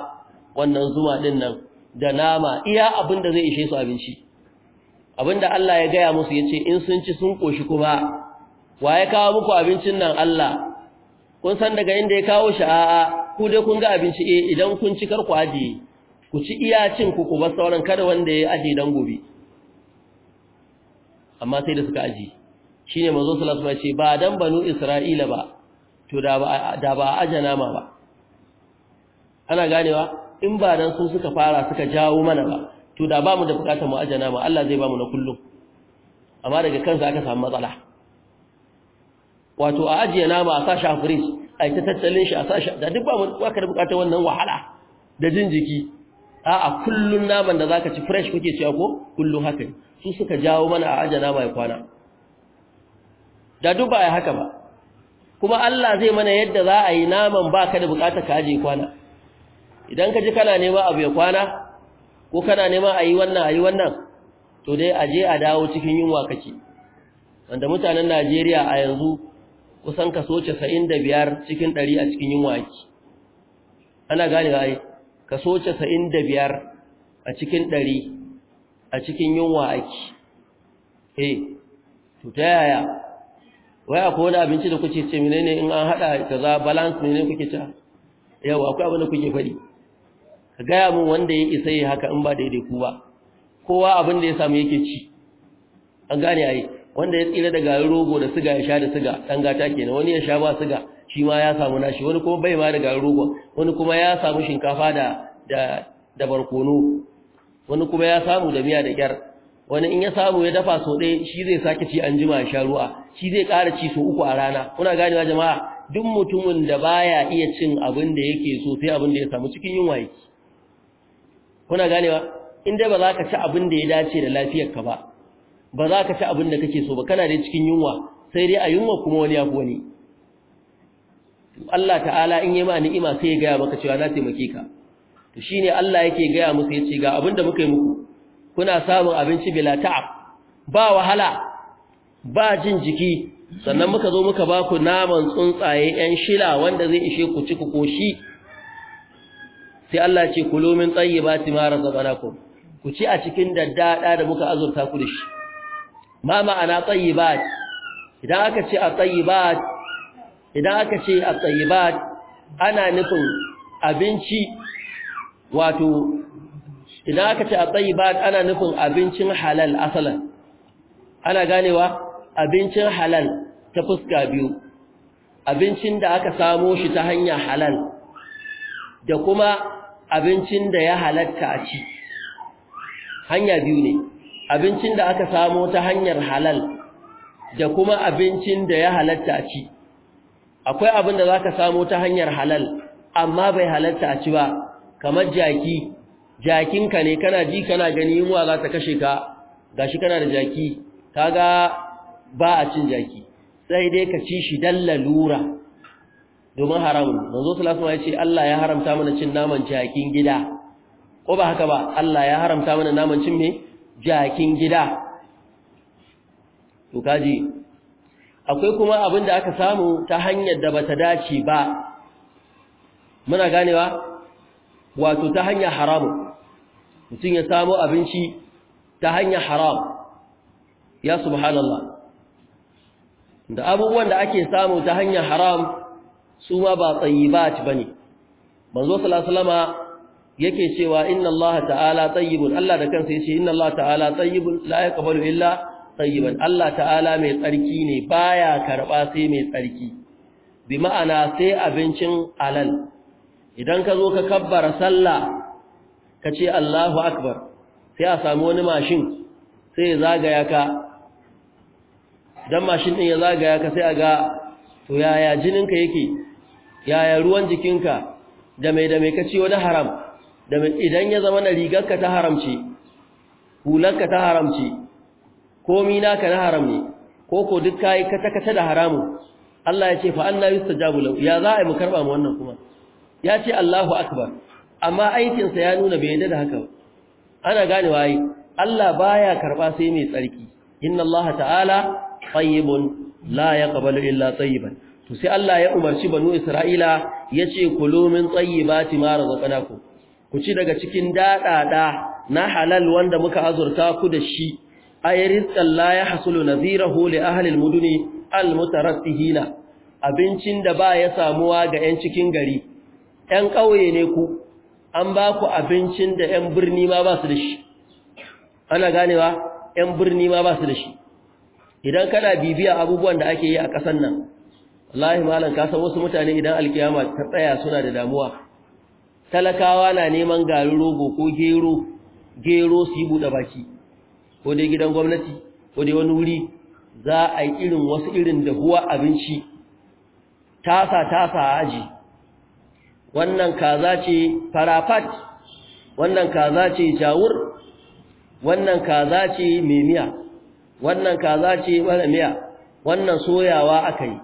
wannan zuwa din nan da nama iya abin da zai ishe su abinci abin da Allah ya gaya musu ya ce in sun ci sun ƙoshi kuma wa ya kawo muku abincin nan Allah kun san daga inda ya kawo shi a'a ku dai kun ga abinci eh idan kun ci kar ku ajiye ku ci iya cin ku ku bar sauran kada wanda ya aji dan gobe amma sai da suka aji. shine manzo sallallahu alaihi wasallam ce ba dan banu Isra'ila ba to da ba da ba ba ana ganewa in ba dan su suka fara suka jawo mana ba to da ba mu da bukatar mu ajana ma Allah zai ba mu na kullum amma daga kansa aka samu matsala wato a ajiye nama a sashi a fridge a ta tattalin shi a sashi da duk ba mu ka da bukatar wannan wahala da jin jiki a'a kullun naman da zaka ci fresh kuke cewa ko kullun haka su suka jawo mana a ajana ya kwana da duk ba ya haka ba kuma Allah zai mana yadda za a yi naman baka da bukatar ka ajiye kwana idan ka ji kana nema abu ya kwana ko kana nema a yi wannan a yi wannan to dai a je a dawo cikin yunwa kake wanda mutanen najeriya a yanzu kusan kaso 95 da biyar cikin 100 a cikin yunwa ake ana gane ai kaso 95 da biyar a cikin 100 a cikin yunwa ake eh to ta yaya wai akwai wani abinci da kuke ce menene in an haɗa kaza balance ne kuke ta yawa akwai abin da kuke faɗi ka gaya min wanda ya isa yi haka in ba daidai ku ba kowa abin da ya samu yake ci an gane ai wanda ya tsira da rogo da siga ya sha da siga dan gata kenan wani ya sha ba siga shi ma ya samu nashi wani kuma bai ma da rogo wani kuma ya samu shinkafa da da da barkono wani kuma ya samu da miya da kyar wani in ya samu ya dafa so ɗaya shi zai sake ci an jima ya sha ruwa shi zai ƙara ci so uku a rana kuna ganewa jama'a duk mutumin da baya iya cin abin da yake so sai abin da ya samu cikin yunwa yake kuna ganewa in dai ba za ka ci abin da ya dace da lafiyarka ba ba za ka ci abin da kake so ba kana da cikin yunwa sai dai a yunwa kuma wani ya fi wani Allah ta'ala in yi ma ni'ima sai ya gaya maka cewa na taimake ka to shine Allah yake gaya musu yace ga abin da muka yi muku kuna samun abinci bila ta'ab ba wahala ba jin jiki sannan muka zo muka ba ku naman tsuntsaye 'yan shila wanda zai ishe ku ci ku koshi sai Allah ce kulo min tayyibati ma razaqnakum ku ci a cikin daddada da muka azurta ku da shi ma ma'ana tayyibat idan aka ce a tayyibat idan aka ce a tayyibat ana nufin abinci wato idan aka ce a tayyibat ana nufin abincin halal asalan ana ganewa abincin halal ta fuska biyu abincin da aka samo shi ta hanya halal da kuma abincin da ya halatta a ci hanya biyu ne abincin da aka samo ta hanyar halal da kuma abincin da ya halatta a ci akwai abin da za ka samo ta hanyar halal amma bai halatta a ci ba kamar jaki Jakin ka ne kana ji kana gani yunwa za ta kashe ka ga shi kana da jaki kaga ba a cin jaki sai dai ka ci shi dalla lura. domin haramun manzo sallallahu alaihi ya ce Allah ya haramta mana cin naman jakin gida ko ba haka ba Allah ya haramta mana naman cin me jakin gida to kaji akwai kuma abin da aka samu ta hanyar da bata dace ba muna ganewa wato ta hanyar haramun mutum ya samu abinci ta hanyar haram ya subhanallah da abubuwan da ake samu ta hanyar haram su ma ba ba bane manzo sallallahu yake cewa inna allaha ta'ala tayyibun Allah da kansa yace inna allaha ta'ala tayyibun la yaqbalu illa tayyiban Allah ta'ala mai tsarki ne baya karba sai mai tsarki bi ma'ana sai abincin alal idan ka zo ka kabbara sallah ka ce Allahu akbar sai a samu wani mashin sai ya zagaya ka dan mashin din ya zagaya ka sai a ga to yaya jininka yake yaya ruwan jikinka da mai da mai ka ciwo da haram da mai idan ya zama na rigarka ta haramci hularka ta haramci komi naka na haram ne ko ko duk kayi kata-kata da haramun Allah ya ce fa anna yustajabu lahu ya za a yi mu karɓa mu wannan kuma ya ce Allahu akbar amma aikinsa ya nuna bai yadda da haka ba ana gane waye? Allah baya karɓa sai mai tsarki inna Allah ta'ala tayyibun la yaqbalu illa tayyiban to sai Allah ya umarci banu Isra'ila yace kulu min tayyibati ma razaqnakum ku ci daga cikin dadada na halal wanda muka azurta ku da shi ay la yahsulu nadhirahu li ahli almuduni almutarassihina abincin da ba ya samuwa ga 'yan cikin gari 'yan ƙauye ne ku an ba ku abincin da 'yan birni ma ba su da shi ana ganewa 'yan birni ma ba su da shi idan kana bibiya abubuwan da ake yi a ƙasar nan wallahi malam ka san wasu mutane idan alkiyama ta tsaya suna da damuwa talakawa na neman garin rogo ko gero gero su yi buɗe baki ko dai gidan gwamnati ko dai wani wuri za a yi irin wasu irin dahuwa abinci tasa tasa aji wannan kaza ce farafat wannan kaza ce jawur wannan kaza ce memiya wannan kaza ce miya wannan soyawa aka yi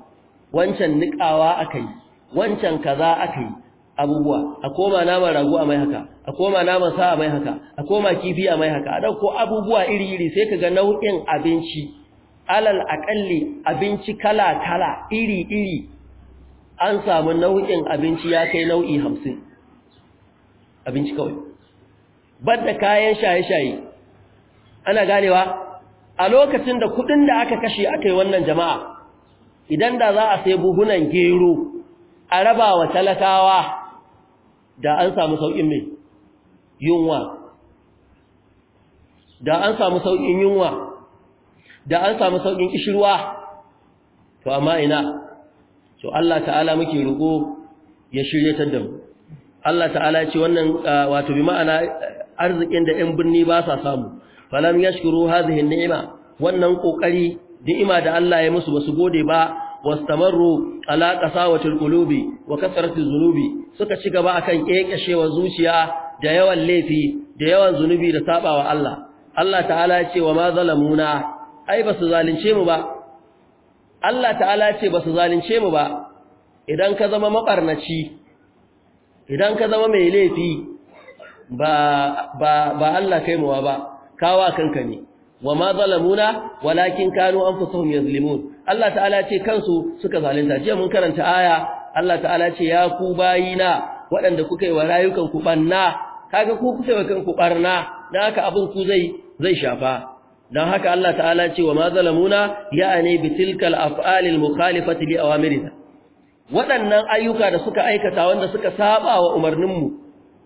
wancan niƙawa aka yi wancan kaza aka yi abubuwa a koma naman ragu a mai haka a koma naman sa a mai haka a koma kifi a mai haka a ɗauko abubuwa iri-iri sai ka ga nau'in abinci alal aƙalli abinci kala-kala iri-iri an samu nau'in abinci ya kai nau'i hamsin abinci kawai banda kayan shaye-shaye ana ganewa a lokacin da kuɗin da aka kashe aka yi wannan jama'a idan da za a sai buhunan gero a raba wa talakawa da an samu sauƙin mai yunwa da an samu sauƙin yunwa da an samu sauƙin kishirwa to amma ina to Allah ta'ala muke roƙo ya shiryatar da mu Allah ta'ala ya ce wannan wato bi ma'ana arzikin da 'yan birni ba sa samu falam yashkuru hadhihi ni'ima wannan kokari ni'ima da Allah ya musu basu gode ba wastamaru ala qasawatil qulubi wa kasratiz zunubi suka ci gaba akan kekeshewa zuciya da yawan laifi da yawan zunubi da sabawa Allah Allah ta'ala ya ce wa ma zalamuna ai basu zalunce mu ba Allah ta'ala ya ce basu zalunce mu ba idan ka zama mabarnaci idan ka zama mai laifi ba ba ba Allah kai muwa ba kawa kanka ne wa ma zalamuna walakin kanu anfusuhum yazlimun Allah ta'ala ce kansu suka zalunta jiya mun karanta aya Allah ta'ala ce ya ku bayina waɗanda kuka yi wa rayukan ku banna kaga ku kuka yi wa kanku barna dan haka abin ku zai zai shafa dan haka Allah ta'ala ce wa ma zalamuna ya'ani bi af'alil mukhalifati li awamirina waɗannan ayyuka da suka aikata wanda suka saba wa umarninmu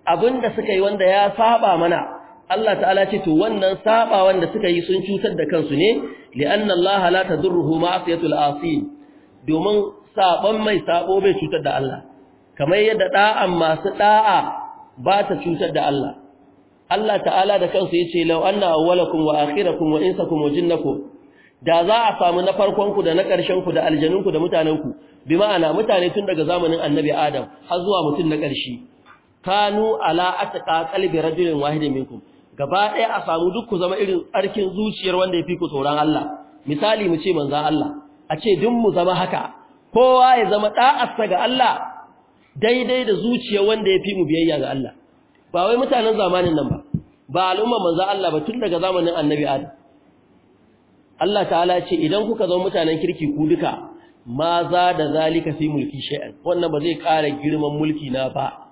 abinda suka yi wanda ya saba mana Allah ta'ala ce to wannan saba wanda suka yi sun cutar da kansu ne li'anna Allah la tadurruhu ma'siyatul asim domin saban mai sabo bai cutar da Allah kamar yadda da'an masu da'a ba ta cutar da Allah Allah ta'ala da kansu yace law anna awwalakum wa akhirakum wa insakum wa jinnakum da za a samu na farkon ku da na karshen ku da aljanun ku da mutanen ku bi ma'ana mutane tun daga zamanin annabi Adam har zuwa mutun na karshe kanu ala atqa qalbi rajulin wahidin minkum gaba ɗaya a samu duk ku zama irin arkin zuciyar wanda ya fi ku tsoron Allah misali mu ce manzan Allah a ce duk mu zama haka kowa ya zama ɗa'asta ga Allah daidai da zuciyar wanda ya fi mu biyayya ga Allah ba wai mutanen zamanin nan ba ba al'umma manzan Allah ba tun daga zamanin annabi Adam Allah ta'ala ce idan kuka zama mutanen kirki ku duka ma za da zalika fi mulki shay'an wannan ba zai ƙara girman mulki na ba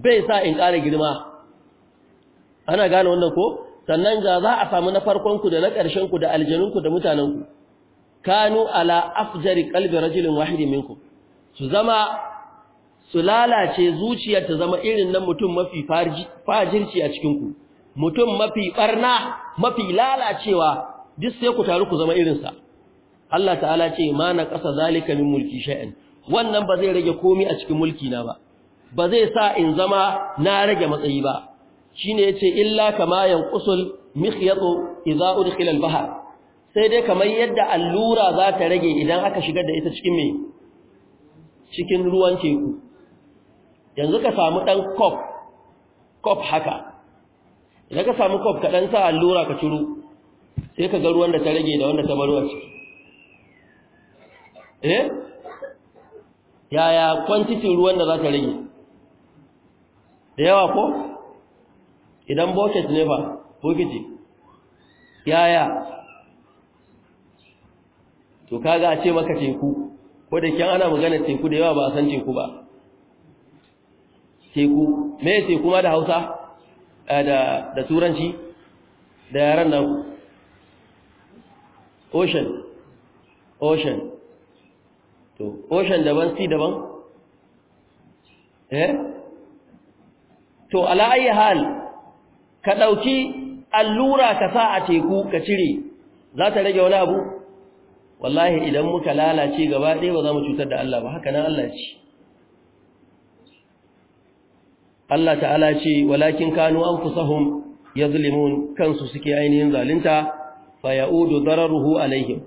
bai sa in ƙara girma ana gane wannan ko sannan ga za a samu na farkon ku da na ƙarshen ku da aljanun ku da mutanen ku kanu ala afjari qalbi rajulin wahidi minkum su zama su lalace zuciyar ta zama irin nan mutum mafi fajirci a cikin ku mutum mafi barna mafi lalacewa duk sai ku taru ku zama irin sa Allah ta'ala ce ma na kasa zalika min mulki sha'in wannan ba zai rage komai a cikin mulki na ba ba zai sa in zama na rage matsayi ba shine yace illa kama yanqusul mikhyatu idza udkhila al sai dai kamar yadda allura za ta rage idan aka shigar da ita cikin me cikin ruwan teku yanzu ka samu dan cup cup haka idan ka samu cup ka dan sa allura ka ciro sai ka ga ruwan da ta rage da wanda ta baro a ciki eh yaya quantity ruwan da za ta rage da yawa ko idan bucket ne ba bukiti yaya to kaga a ce maka teku ko da kyan ana magana teku da yawa ba a san teku ba teku me teku ma da hausa eh, da da turanci da yaran nan ocean ocean to ocean daban sea daban eh to ala ayi hal ka ɗauki allura ka sa a teku ka cire za ta rage wani abu wallahi idan muka lalace gaba ɗaya ba za mu cutar da Allah ba haka nan Allah ce Allah ta'ala ce walakin kanu an ya zulimun kansu suke ainihin zalunta fa ya'udu ruhu alaihim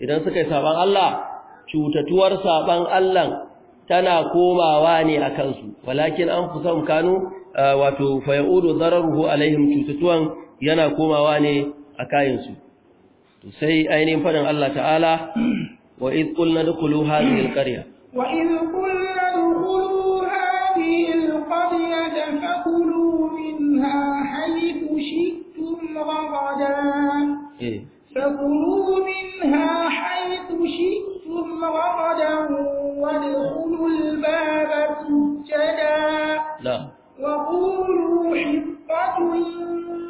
idan suka yi saban Allah cutatuwar saban Allah tana komawa ne a kansu walakin an anfusahum kanu wato fa yaudu dararuhu alaihim cututuwan yana komawa ne a kayansu to sai ainihin fadin Allah ta'ala wa id qulna dkhulu hadhihi alqarya wa id qulna dkhulu hadhihi alqaryata fakulu minha haythu shi'tum ragadan fakulu minha haythu shi'tum ragadan wa dkhulu albaba sujada na'am وقولوا حطة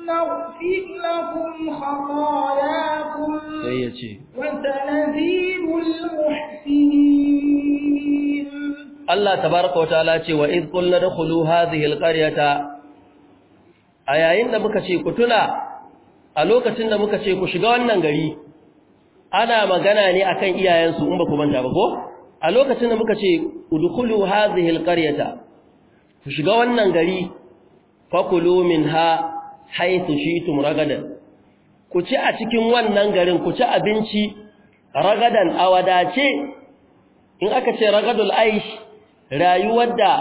نغفر لكم خطاياكم وسنزيد المحسنين Allah tabaraka wa ta'ala ce wa iz qulna dakhulu hadhihi alqaryata ayayin da muka ce ku tuna a lokacin da muka ce ku shiga wannan gari ana magana ne akan iyayensu in ba ku manta ba ko a lokacin da muka ce udkhulu hadhihi alqaryata ku shiga wannan gari fakulu minha haythu shi'tum ragadan ku ci a cikin wannan garin ku ci abinci ragadan a wadace in aka ce ragadul aish rayuwar da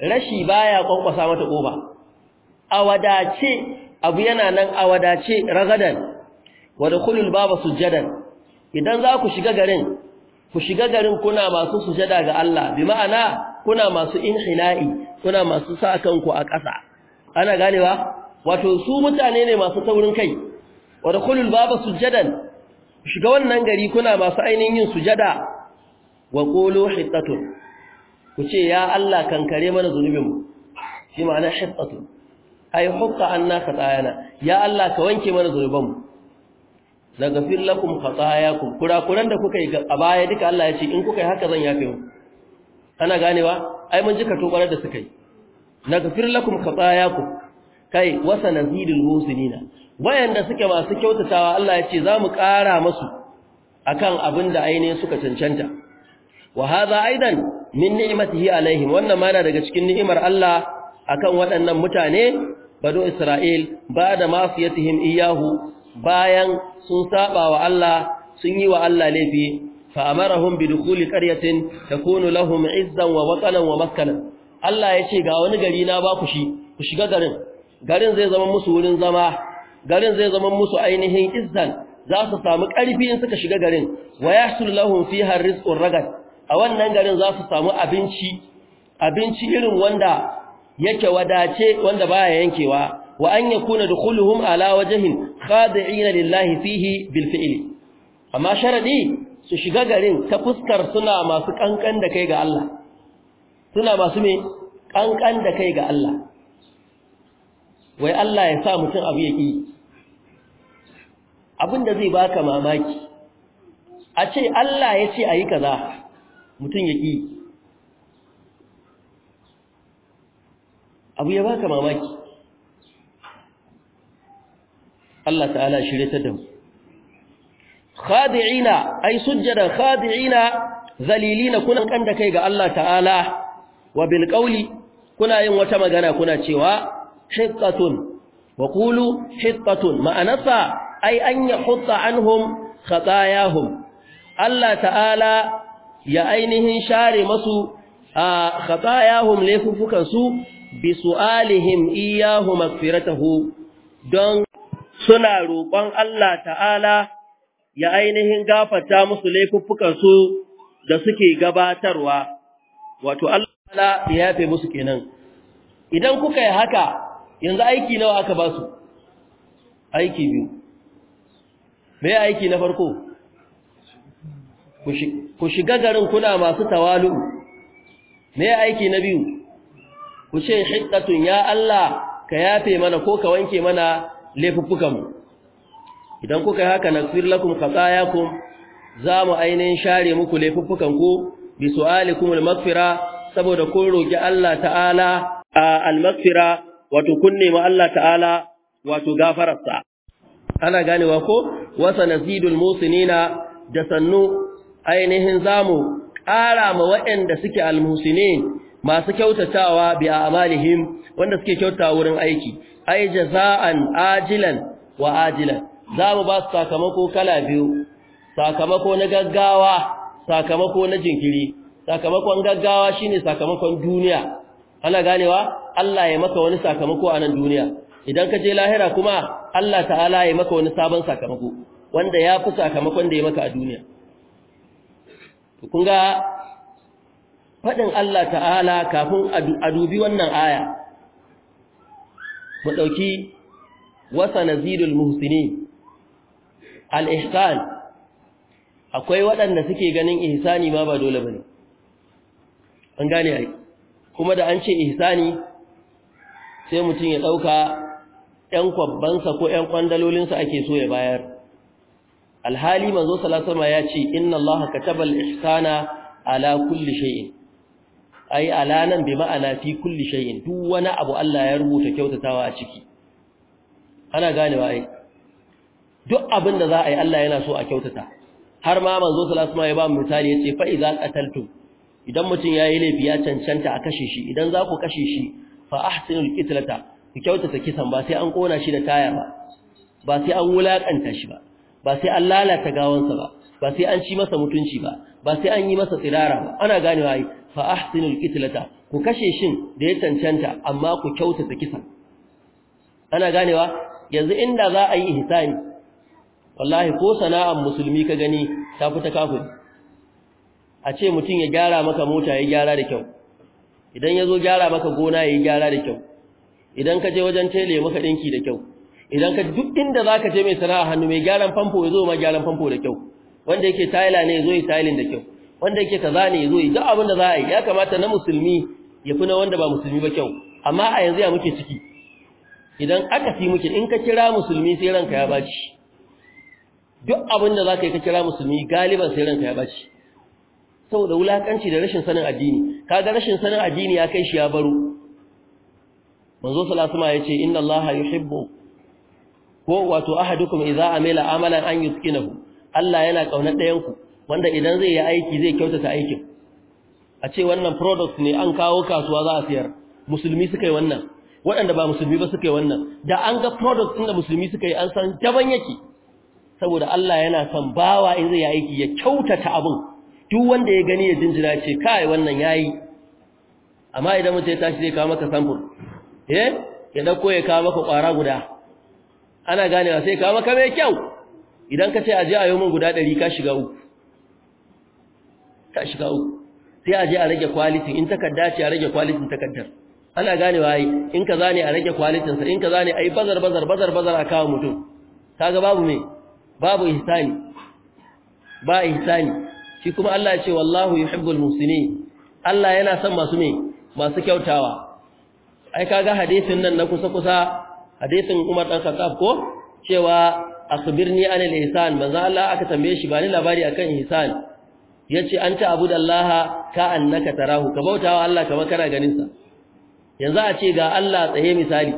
rashi baya kwankwasa mata koba a wadace abu yana nan a wadace ragadan wadkhulul baba sujadan idan za ku shiga garin ku shiga garin kuna masu sujada ga Allah bi ma'ana kuna masu inhila'i kuna masu sa kanku a ƙasa ana ganewa wato su mutane ne masu taurin kai wa dakhulul baba sujadan shiga wannan gari kuna masu ainihin yin sujada wa qulu hittatun ku ce ya Allah kankare mana zunubin shi ma'ana hittatun ay hukka anna khatayana ya Allah ka wanke mana zunubanmu la lakum khatayakum kurakuran da kuka yi a baya duka Allah ya ce in kuka yi haka zan yafe muku ana ganewa ai mun ji katobarar da suka yi naghfir lakum khatayakum kai wasa nazidul musinina wayanda suke masu kyautatawa Allah ya ce za mu ƙara masu akan abinda da suka cancanta wa hadha aidan min ni'matihi alaihim wannan ma daga cikin ni'imar Allah akan waɗannan mutane bado Isra'il ba da mafiyatihim iyahu bayan sun saba wa Allah sun yi wa Allah laifi فأمرهم بدخول قرية تكون لهم عزا ووطنا ومسكنا Allah ya ce ga wani gari na ba ku shi ku shiga garin garin zai zama musu wurin zama garin zai zama musu ainihin izzan za su samu ƙarfi in suka shiga garin wa yahsul lahum fiha rizqur ragad a wannan garin za su samu abinci abinci irin wanda yake wadace wanda baya yankewa wa an yakuna dukhuluhum ala wajhin khadi'ina lillahi fihi bil fi'li amma sharadi su shiga garin ta fuskar suna masu kankan da kai ga Allah suna masu me kankan da kai ga Allah wai Allah ya sa mutum abu ya yake abinda zai baka mamaki a ce Allah ya ce ayi kaza mutum ya ƙi, abu ya baka mamaki Allah ta'ala shirye ta damu khadi'ina ay sujjadan khadi'ina zalilina kuna kan da kai ga Allah ta'ala wa bil qawli kuna yin wata magana kuna cewa hiqqatun wa qulu hiqqatun ma'anasa ay an yahutta anhum khatayahum Allah ta'ala ya ainihin share masu khatayahum laifukan su bi su'alihim iyyahu magfiratahu don suna roƙon Allah ta'ala ya ainihin gafata musu laifuffukansu da suke gabatarwa, wato Allah ya yafe musu kenan. Idan kuka yi haka, yanzu aiki nawa aka ba su? Aiki biyu. Me aiki na farko? Ku shiga garin kuna masu tawalu. Me aiki na biyu? Ku ce, Hikatun ya Allah ka yafe mana ko ka wanke mana laifuffukanmu. idan kuka yi haka naghfir lakum khatayakum za mu ainihin share muku laifuffukan ku bi su'alikum al-maghfira saboda kun roki Allah ta'ala al-maghfira wato kun nemi Allah ta'ala wato gafararsa ana ganewa ko wa sanazidul musinina da sannu ainihin zamu ƙara ma waɗanda suke al al-musinin masu kyautatawa bi amalihim wanda suke kyautata wurin aiki ai jaza'an ajilan wa ajilan za mu ba su sakamako kala biyu sakamako na gaggawa sakamako na jinkiri sakamakon gaggawa shine sakamakon duniya ana ganewa Allah ya maka wani sakamako a nan duniya idan ka je lahira kuma Allah ta'ala ya maka wani sabon sakamako wanda ya fi sakamakon da ya maka a duniya kun ga faɗin Allah ta'ala kafin a dubi wannan aya mu ɗauki wasa nazirul muhsinin al-ihsan akwai waɗanda suke ganin ihsani ma ba dole bane an gane ai kuma da an ce ihsani sai mutum ya ɗauka ɗan kwabbansa ko ɗan kwandalolinsa ake so ya bayar alhali manzo sallallahu alaihi ya ce inna allaha katabal ihsana ala kulli shay'in ai alanan bi ma'ana fi kulli shay'in duk wani abu Allah ya rubuta kyautatawa a ciki ana ganewa ai duk abin da za a yi Allah yana so a kyautata har ma manzo sallallahu alaihi ya ba mu misali yace fa idza qataltum idan mutum yi laifi ya cancanta a kashe shi idan za ku kashe shi fa ahsinul qitlata ku kyautata kisan ba sai an kona shi da taya ba ba sai an wulakanta shi ba ba sai an lalata gawansa ba ba sai an ci masa mutunci ba ba sai an yi masa tsirara ba ana ganewa ai fa ahsinul qitlata ku kashe shin da ya cancanta amma ku kyautata kisan ana ganewa yanzu inda za a yi ihsani wallahi ko sana'an musulmi ka gani ta fita kafin a ce mutum ya gyara maka mota ya gyara da kyau idan ya zo gyara maka gona ya yi gyara da kyau idan ka je wajen tele maka ɗinki da kyau idan ka duk inda za ka je mai sana'a hannu mai gyaran famfo ya zo ma gyaran famfo da kyau wanda yake tayila ne ya zo yi tayilin da kyau wanda yake kaza ne ya zo yi duk abin da za a yi ya kamata na musulmi ya fi na wanda ba musulmi ba kyau amma a yanzu ya muke ciki idan aka fi muke in ka kira musulmi sai ranka ya baci duk abin da za ka yi ka kira musulmi galiban sai ranka ya baci saboda wulaƙanci da rashin sanin addini kaga rashin sanin addini ya kai shi ya baro manzo salasuma ya ce inna allaha yuhibbu ko wato ahadukum idza amila amalan an yuskinahu Allah yana kaunar ɗayan ku wanda idan zai yi aiki zai kyautata aikin a ce wannan product ne an kawo kasuwa za a siyar musulmi suka yi wannan waɗanda ba musulmi ba suka yi wannan da an ga product ɗin da musulmi suka yi an san daban yake saboda Allah yana son bawa in zai yi aiki ya kyautata abin duk wanda ya gani ya jinjira ce kai wannan yayi amma idan mutum ya tashi zai kawo maka samfur eh ya dauko ya kawo maka kwara guda ana ganewa sai kawo maka mai kyau idan ka ce a je a yi min guda 100 ka shiga uku ka shiga uku sai a je a rage quality in takarda ce a rage quality takardar ana ganewa ai in ka zane a rage quality sa in ka zane ai bazar bazar bazar bazar a kawo mutum kaga babu me babu ihsani ba ihsani shi kuma Allah ya ce wallahu yuhibbul muhsinin Allah yana son masu me masu kyautawa ai kaga hadisin nan na kusa kusa hadisin Umar dan Khattab ko cewa akhbirni anil ihsan manzo Allah aka tambaye shi ba ni labari akan ihsan yace an ta Abudallah ka annaka tarahu ka bautawa Allah kamar kana ganin sa yanzu a ce ga Allah tsaye misali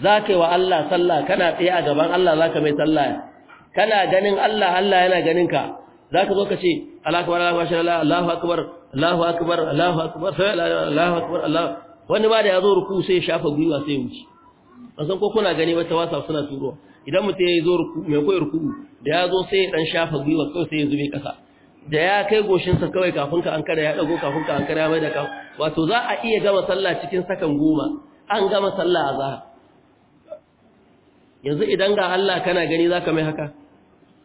za ka yi wa Allah sallah kana tsaye a gaban Allah za ka mai sallah kana ganin Allah Allah yana ganin ka za ka zo ka ce Allahu akbar Allahu akbar Allahu akbar Allahu akbar Allahu akbar Allahu wani ba da yazo ruku sai ya shafa gwiwa sai ya wuce san ko kuna gani wata wasa suna turo idan mutum ya zo ruku mai koyar ruku da ya zo sai ya dan shafa gwiwa sai sai ya zube kasa da ya kai goshinsa kawai kafin ka ankara ya dago kafin ka ankara ya mai da ka wato za a iya gama sallah cikin sakan goma an gama sallah a zahar yanzu idan ga Allah kana gani za ka mai haka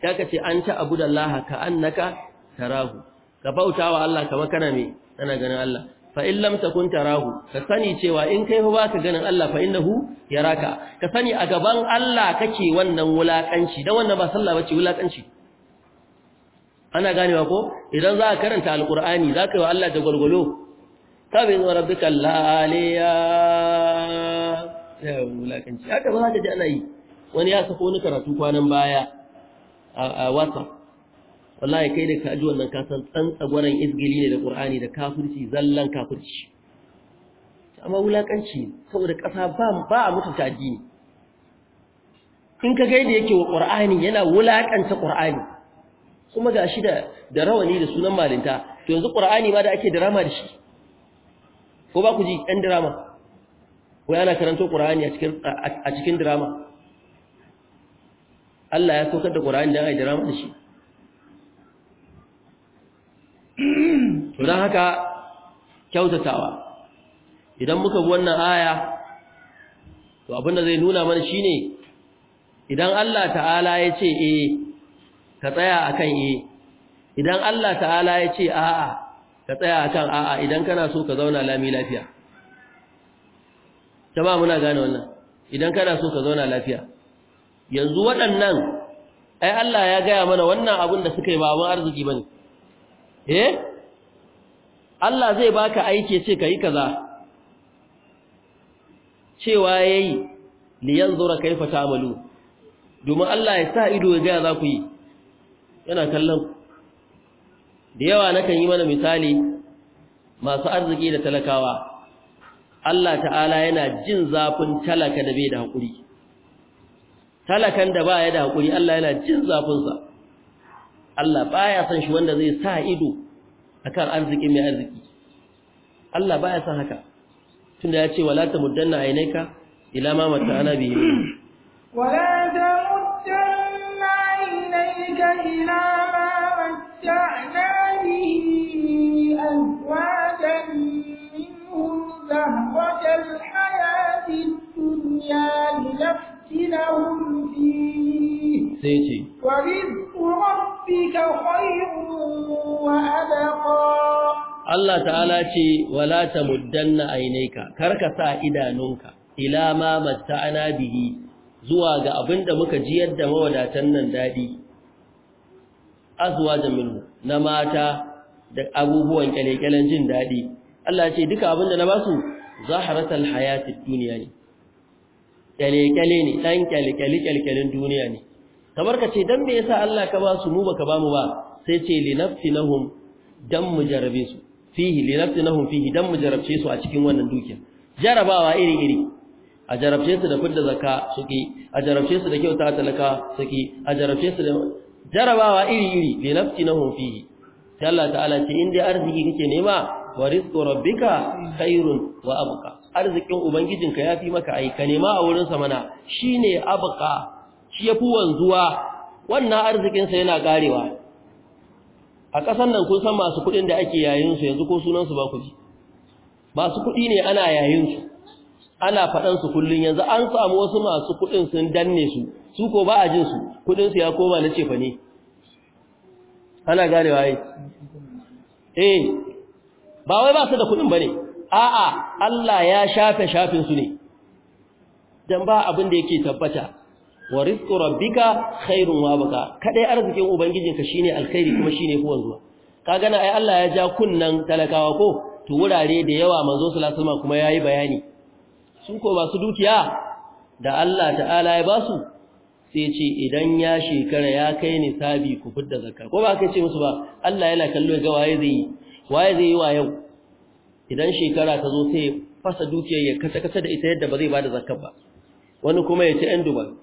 kaka ce an ta abu da Allah ka annaka tarahu ka bauta wa Allah kamar kana me kana ganin Allah fa in lam takun tarahu ka sani cewa in kai ba ka ganin Allah fa innahu yaraka ka sani a gaban Allah kake wannan wulakanci dan wannan ba sallah bace wulakanci ana ganewa ko idan za ka karanta alqur'ani za ka yi wa Allah da tabi tabin rabbika laliya ya wulakanci haka ba za ka ji ana yi wani ya sako ni karatu kwanan baya a whatsapp wallahi kai da kaji wannan kasan san gwaran izgili ne da qur'ani da kafirci zallan kafirci amma wulakanci saboda kasa ba ba a mutunta addini in ka gaida yake wa qur'ani yana wulakanta qur'ani kuma ga shi da da rawani da sunan malinta to yanzu qur'ani ma da ake drama da shi ko ba ku ji ɗan drama ko yana karanto qur'ani a cikin a cikin drama Allah ya saukar da Qur'ani dan ai jira da shi to dan haka kyautatawa idan muka bi wannan aya to abin da zai nuna mana shine idan Allah ta'ala ya ce eh ka tsaya akan eh idan Allah ta'ala ya ce a'a ka tsaya akan a'a idan kana so ka zauna lami lafiya jama'a muna gane wannan idan kana so ka zauna lafiya yanzu waɗannan ai Allah ya gaya mana wannan abin da suka yi ba abin arziki bane eh Allah zai baka aiki ce kai kaza cewa yayi liyanzura kaifa ta'malu domin Allah ya sa ido ya gaya za ku yi yana kallon da yawa nakan yi mana misali masu arziki da talakawa Allah ta'ala yana jin zafin talaka da bai da hakuri talakan da ba baya da hakuri Allah yana jin zafinsa. Allah ba ya san shi wanda zai sa ido akan arziki mai arziki Allah ba ya san haka tunda ya ce wala tamuddanna aynaka ila ma mata'ana bihi wala tamuddanna aynaka ila ma mata'ana bihi azwajan minhum zahwat al-hayati ad-dunya linafsi lahum fihi sai ce wa rizqu wa Allah ta'ala ce wala tamuddanna kar karka sa idanunka ila ma matta'ana bihi zuwa ga abinda muka ji yadda mawadatan nan dadi azwajan minhu na mata da abubuwan kyale-kyalen jin daɗi. Allah ce duka da na basu zaharatal hayatid duniya ne kyale-kyale ne ɗan kyale-kyale-kyalen duniya ne kamar ka ce don me yasa Allah ka ba su mu ba ka ba mu ba sai ce linaftinahum dan mu jarabe su fihi linaftinahum fihi don mu jarabce su a cikin wannan dukiya jarabawa iri-iri a jarabce su da fidda zaka suke a jarabce su da kyauta talaka suke a jarabce su da jarabawa iri-iri na linaftinahum fihi sai Allah ta'ala ce in dai arziki kake nema wa rizqu rabbika khairun wa abqa arzikin ubangijinka ya fi maka ai ka nema a wurinsa mana shi ne abuka shi ya fi wanzuwa wannan arzikinsa yana garewa a ƙasan nan kun san masu kuɗin da ake yayinsu yanzu ko sunansu ba ku ji masu kuɗi ne ana yayinsu ana faɗansu kullum yanzu an samu wasu masu kuɗin sun danne su su ko ba a jin su, kuɗinsu ya koma na cefa ne ana garewa yi eh ba wai ba su da kuɗin ba ne a'a Allah ya shafe shafin su ne dan ba abin da yake tabbata wa rizqu rabbika khairun wa baka kadai arzikin ubangijinka shine alkhairi kuma shine kuwan zuwa kaga na ai Allah ya ja kunnan talakawa ko to wurare da yawa manzo sallallahu alaihi wasallam kuma yayi bayani su ko ba su dukiya da Allah ta'ala ya basu sai ce idan ya shekara ya kai ni sabi ku fidda zakka ko ba kai ce musu ba Allah yana kallo ga waye zai waye zai yi wa yau idan shekara ta zo sai fasa dukiyar ya kasa kasa da ita yadda ba zai bada zakka ba wani kuma ya ci yan dubai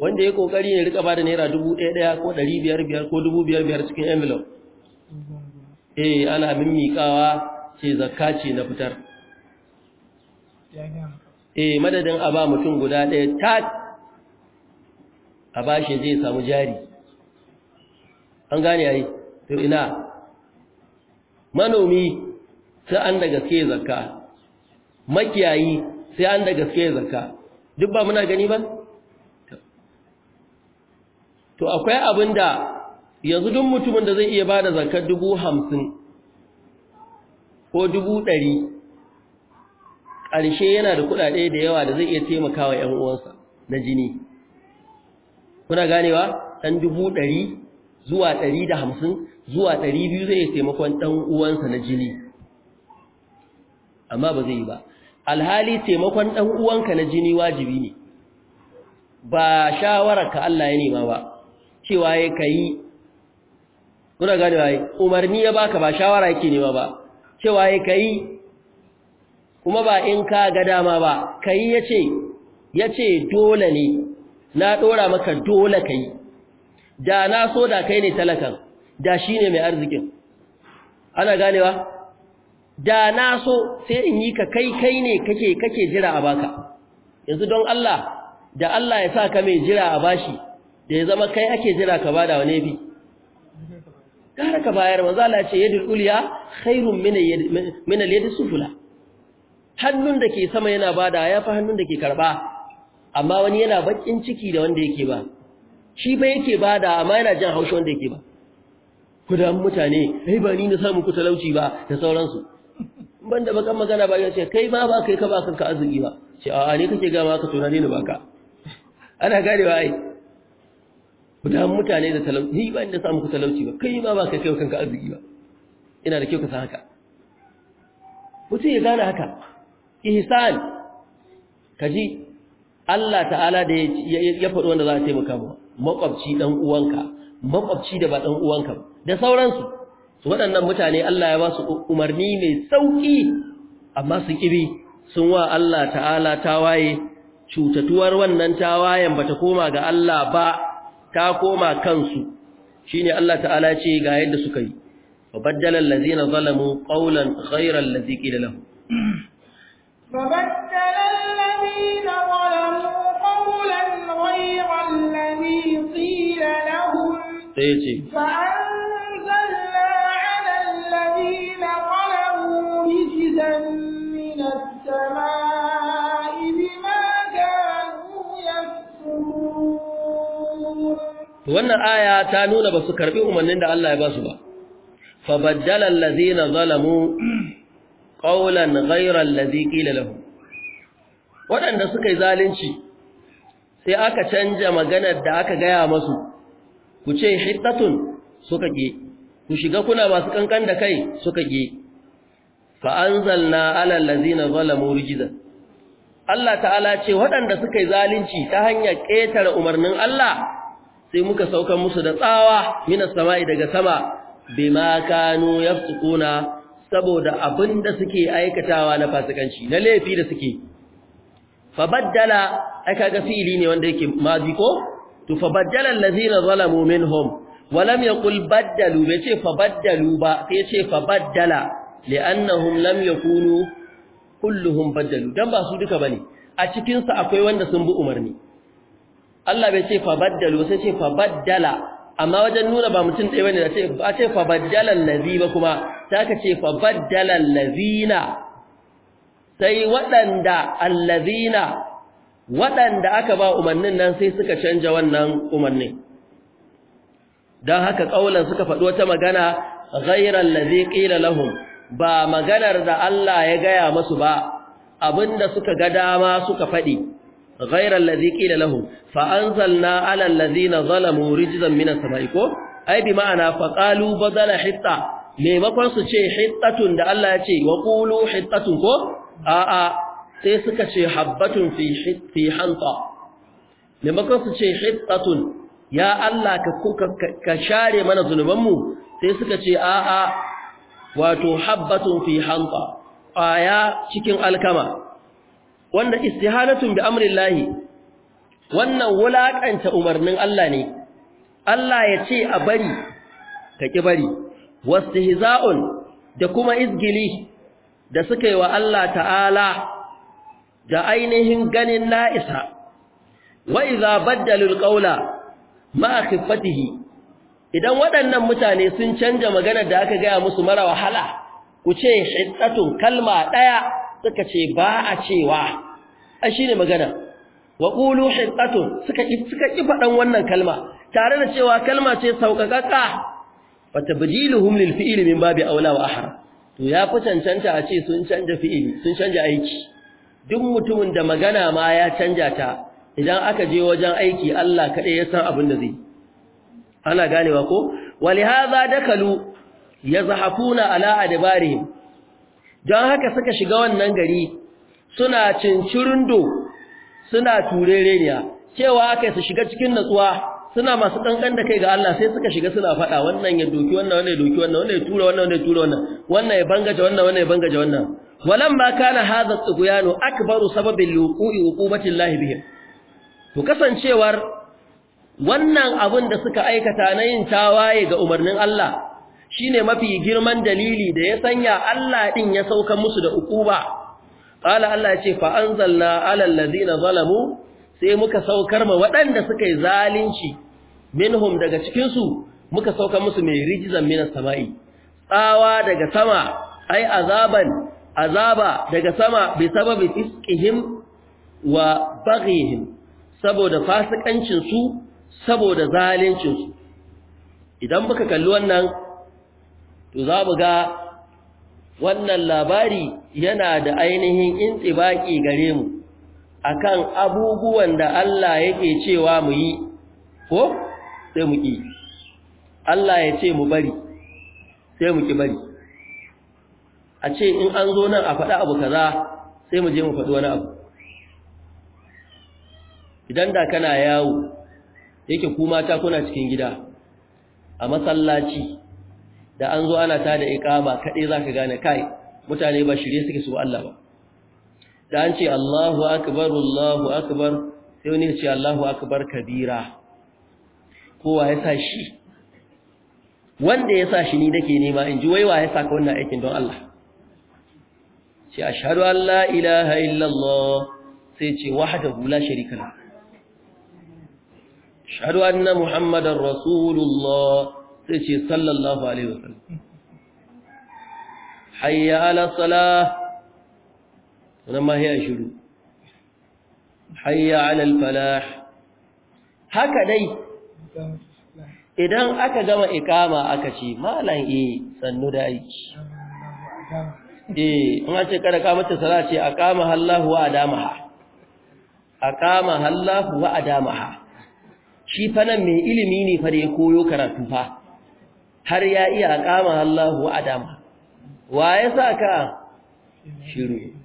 wanda ya kokari ya rika bada naira dubu ɗaya ɗaya ko ɗari biyar biyar ko dubu biyar biyar cikin envelope eh ana miƙawa ce zakka ce na fitar eh madadin a ba mutum guda ɗaya ta a bashi zai samu jari an gane yayi to ina manomi sai an da gaske zakka makiyayi sai an da gaske zakka duk ba muna gani ba to akwai abin da yanzu duk mutumin da zai iya ba da dubu hamsin ko dubu ɗari ƙarshe yana da kuɗaɗe da yawa da zai iya taimakawa ƴan uwansa na jini kuna ganewa ɗan dubu ɗari zuwa ɗari da hamsin zuwa ɗari biyu zai iya taimakon ɗan uwansa na jini amma ba zai yi ba alhali taimakon ɗan uwanka na jini wajibi ne ba shawararka Allah ya nema ba cewa ya yi? kuna gane wai umarni ya baka ba shawara yake nema ba cewa ya yi? kuma ba in ka ga dama ba kai yace yace dole ne na dora maka dole kai da na so da kai ne talakan da shine mai arzikin ana ganewa da na so sai in yi ka kai kai ne kake kake jira a baka yanzu don Allah da Allah ya sa ka mai jira a bashi da ya zama kai ake jira ka bada wani bi gara ka bayar manzo Allah ce yadul ulya khairun min min al yadi sufula hannun da ke sama yana bada ya fi hannun da ke karba amma wani yana bakin ciki da wanda yake ba shi ba yake bada amma yana jin haushi wanda yake ba ku da mutane ai ba ni na samu ku talauci ba da sauransu ban bakan magana ba ya ce kai ma ba kai ka ba kanka azumi ba ce a'a ne kake gama ka tona ne na baka ana gane ba ai guda mutane da talauci ni ba inda samu ku talauci ba kai ma ba kai kai kanka azumi ba ina da kyau ka san haka mutum ya gane haka ihsan kaji Allah ta'ala da ya faɗi wanda za a taimaka mu makwabci dan uwanka makwabci da ba dan uwanka da sauransu su waɗannan mutane Allah ya ba su umarni mai sauƙi amma su ƙiri sun wa Allah ta'ala ta waye, cutatuwar wannan tawayen ba ta koma ga Allah ba ta koma kansu shi ne Allah ta'ala ce ga yadda suka yi ba baddalar lazina zalamu ƙaunan khairar lazi ƙi da lahu sai ce wannan aya ta nuna ba su karbi umarnin da Allah ya ba su ba fa baddala allazina zalamu qawlan ghayra allazi qila lahu. waɗanda suka yi zalunci sai aka canja maganar da aka gaya masu ku ce hiddatun suka ƙi. ku shiga kuna masu kankan da kai suka ke fa anzalna ala allazina zalamu rijzan Allah ta'ala ce waɗanda suka yi zalunci ta hanyar ƙetare umarnin Allah sai muka saukan musu da tsawa mina sama'i daga sama bima kanu yafsukuna saboda abinda suke aikatawa na fasikanci na laifi da suke fa baddala ai ga fi'ili ne wanda yake mazi ko to fa baddala allazina zalamu minhum wa lam yaqul baddalu bai ce fa baddalu ba sai ce fa baddala li'annahum lam yakunu kulluhum baddalu dan ba su duka bane a cikin su akwai wanda sun bi umarni Allah bai ce fa baddalu sai ce fa baddala amma wajen nuna ba mutum ɗaya bane da ce ba ce fa baddala allazi ba kuma ta ka ce fa baddala allazina sai waɗanda allazina waɗanda aka ba umarnin nan sai suka canja wannan umarnin don haka ƙaunar suka faɗi wata magana ghairar lazi ƙila lahum ba maganar da Allah ya gaya masu ba abinda suka ga dama suka faɗi ghayra allazi qila lahu fa anzalna ala allazina zalamu rijzan minas sama'i ko ai bi ma'ana fa qalu badala hitta maimakon su ce hittatun da Allah ce wa a a sai suka ce habbatun fi fi hanta maimakon su ce hittatun ya Allah ka ka share mana mu? sai suka ce a a wato habbatun fi hanta aya cikin alkama wanda istihanatun bi amrillahi wannan wulakanta umarnin Allah ne Allah ya ce a bari ka ki bari wastihza'un da kuma izgili da suka yi wa Allah ta'ala da ainihin ganin na'isa wa idza baddalu alqawla ma khifatihi idan waɗannan mutane sun canja magana da aka gaya musu mara wahala ku ce shiddatun kalma ɗaya suka ce ba a cewa shi ne magana wa qulu suka ƙi ɗan wannan kalma tare da cewa kalma ce sauƙaƙaƙa fa tabdiluhum lil fi'li min babi aula wa ahra to ya fi cancanta a ce sun canja fi'ili sun canja aiki duk mutumin da magana ma ya canja ta idan aka je wajen aiki Allah kaɗai ya san abin da zai ana ganewa ko walihaza dakalu zahafuna ala adabarihim don haka suka shiga wannan gari suna cincirindo suna turereniya cewa aka su shiga cikin natsuwa suna masu ɗanɗan da kai ga Allah sai suka shiga suna faɗa wannan ya doki wannan wannan ya doki wannan wannan ya tura wannan wannan ya tura wannan wannan ya bangaje wannan wannan ya bangaje wannan walamma kana hadha tughyanu akbaru sababil wuqu'i uqubati llahi bihim to kasancewar wannan abin da suka aikata na yin tawaye ga umarnin Allah Shi ne mafi girman dalili da ya sanya Allah ɗin ya sauka musu da ukuba ƙala Allah ce fa anzalna alal ladina zalamu sai muka saukar ma waɗanda suka yi zalunci minhum daga cikin su muka sauka musu mai rijizan minas sama'i tsawa daga sama ai azaban azaba daga sama bi sababi iskihim wa baghihim saboda fasikancin su saboda zalincin idan muka kalli wannan to za mu ga wannan labari yana da ainihin intibaki gare mu akan abubuwan da Allah yake cewa mu yi ko sai mu ki Allah ya ce mu bari sai mu ki bari a ce in an zo nan a faɗa abu kaza sai mu je mu faɗi wani abu idan da kana yawo yake kuma ta kuna cikin gida a masallaci da an zo ana tada iqama kadai zaka gane kai mutane ba shirye suke su Allah ba da an ce Allahu akbar Allahu akbar sai wani ce Allahu akbar kabira kowa ya sa shi wanda ya sa shi ni dake nema in ji waiwa ya saka wannan aikin don Allah ce ashhadu an la ilaha Allah sai ce wahdahu la sharika la ashhadu anna muhammadar rasulullah sai ce sallallahu alaihi wasallam hayya ala salah wannan ma hayya shiru hayya ala falah haka dai idan aka gama ikama aka ce malan eh sannu da aiki eh an ce kada ka mata salat ce aqama Allahu wa adamaha aqama Allahu wa adamaha shi fa nan mai ilimi ne fa da ya koyo karatu fa har ya iya kama Allahu adama wa ya saka shiru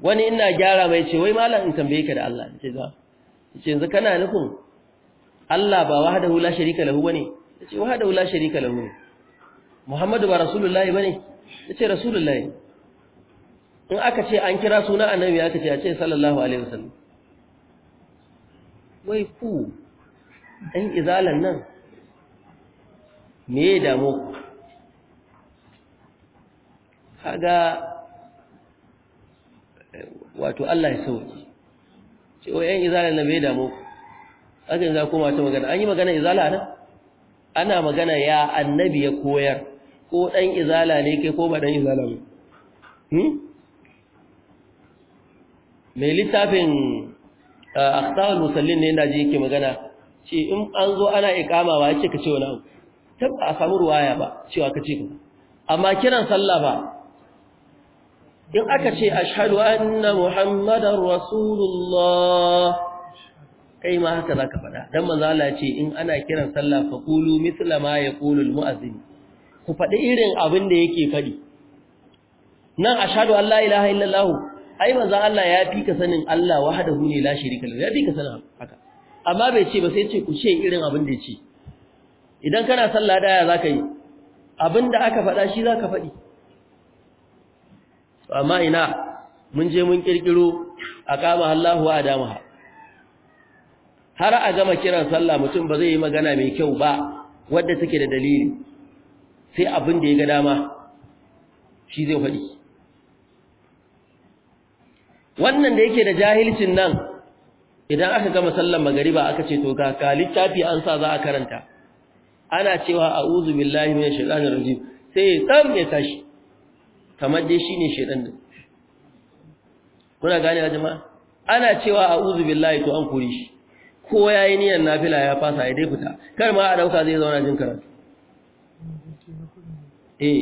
wani ina gyara mai ce wai malam in tambaye ka da Allah ce za ce yanzu kana nufin Allah ba wahdahu la sharika lahu bane ce wahdahu la sharika lahu ne Muhammadu ba rasulullahi bane ce rasulullahi in aka ce an kira suna annabi aka ce a ce sallallahu alaihi wasallam wai ku ɗan izalan nan me ya damu kaga wato Allah ya sauki ce wa yan izala na me ya damu aka za kuma ta magana an yi magana izala ne? ana magana ya annabi ya koyar ko dan izala ne kai ko ba dan izala ba hmm mai littafin ah, akhtar musallin ne da ji yake magana ce in an zo ana ikama ba ya ce ka ce wani abu tabba a samu ruwaya ba cewa ka ce kaza amma kiran sallah ba in aka ce ashhadu anna muhammadar rasulullah kai ma haka zaka faɗa dan manzo Allah ya ce in ana kiran sallah fa qulu mithla ma yaqulu mu'azzin ku faɗi irin abin da yake faɗi nan ashhadu an la ilaha illallah ai manzo Allah ya fi ka sanin Allah wahdahu la sharika lahu ya fi ka sanin haka amma bai ce ba sai ce ku ce irin abin da yake idan kana sallah daya zaka yi abinda aka faɗa shi zaka faɗi amma ina mun je mun kirkiro aqama Allahu wa adamaha har a gama kiran sallah mutum ba zai yi magana mai kyau ba wadda take da dalili sai abin da ya ga dama shi zai faɗi wannan da yake da jahilcin nan idan aka gama sallar magariba aka ce to ga littafi an sa za a karanta ana cewa a'udhu billahi minash shaitanir rajim sai tsam ya tashi kamar dai shine shaitan din kuna gane jama'a ana cewa a'udhu billahi to an kuri shi ko yayi niyyar nafila ya fasa ya dai fita kar ma a dauka zai zauna jin karatu eh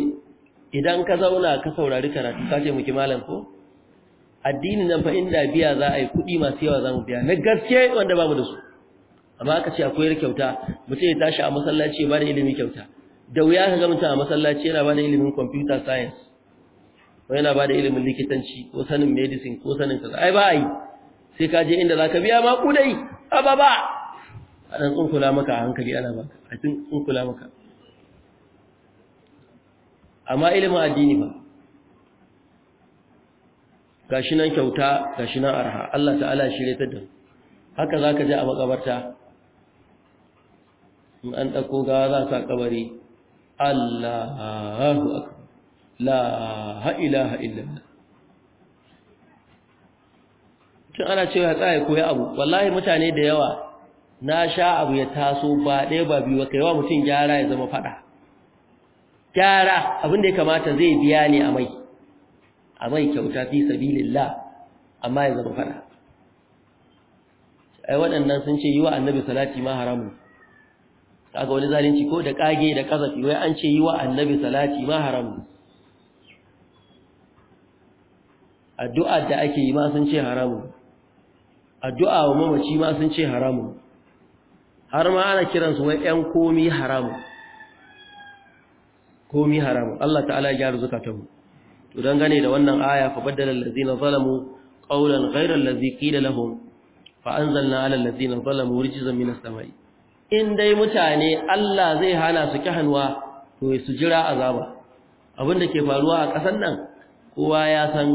idan ka zauna ka saurari karatu ka ce miki malam ko addini nan fa inda biya za a yi kuɗi masu yawa za mu biya na gaske wanda babu da su amma aka ce akwai kyauta mutum ya tashi a masallaci ba da ilimin kyauta da wuya ka ga mutum a masallaci yana ba da ilimin computer science ko yana ba da ilimin likitanci ko sanin medicine ko sanin kaza ai ba ai sai ka je inda zaka biya ma kudai ababa a dan tsunkula maka a hankali ana ba a tsunkula maka amma ilimin addini ba gashi nan kyauta gashi nan arha Allah ta'ala shirye ta da haka zaka je a makabarta in an ɗauko gawa za sa kabari Allahu akbar la ilaha illallah tun ana cewa tsaye koya abu wallahi mutane da yawa na sha abu ya taso ba ɗaya ba biyu kai yawa mutum gyara ya zama fada gyara abin da ya kamata zai biya ne a mai a mai kyauta fi sabilillah amma ya zama fada ai waɗannan sun ce yi wa annabi salati ma haramun kaga wani zalunci ko da kage da kazafi wai an ce yi wa annabi salati ma haram addu'a da ake yi ma sun ce haram addu'a wa mamaci ma sun ce haram har ma ana kiransu wai ɗan komi haramu komi haram Allah ta'ala ya gyara zukatanmu to gane da wannan aya fa baddala allazina zalamu qawlan ghayra allazi qila lahum fa anzalna ala allazina zalamu rijzan minas samai in dai mutane Allah zai hana su ki to su jira azaba da ke faruwa a ƙasar nan kowa ya san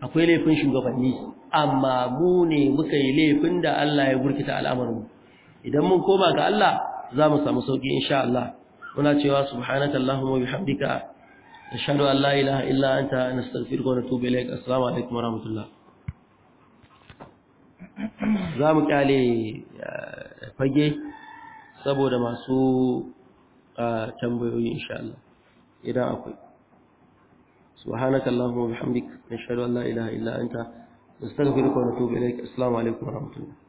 akwai laifin shugabanni amma mu ne muka yi laifin da Allah ya gurkita al'amarin idan mun koma ga Allah za mu samu sauki insha Allah muna cewa allahumma wa bihamdika ashhadu an la ilaha illa anta nastaghfiruka wa natubu ilaik assalamu alaikum wa rahmatullah za mu kyale eh, fage saboda masu tambayoyi insha Allah idan akwai subhanaka allahumma wa bihamdika nashhadu an la ilaha illa anta nastaghfiruka wa natubu ilaik assalamu alaikum wa rahmatullah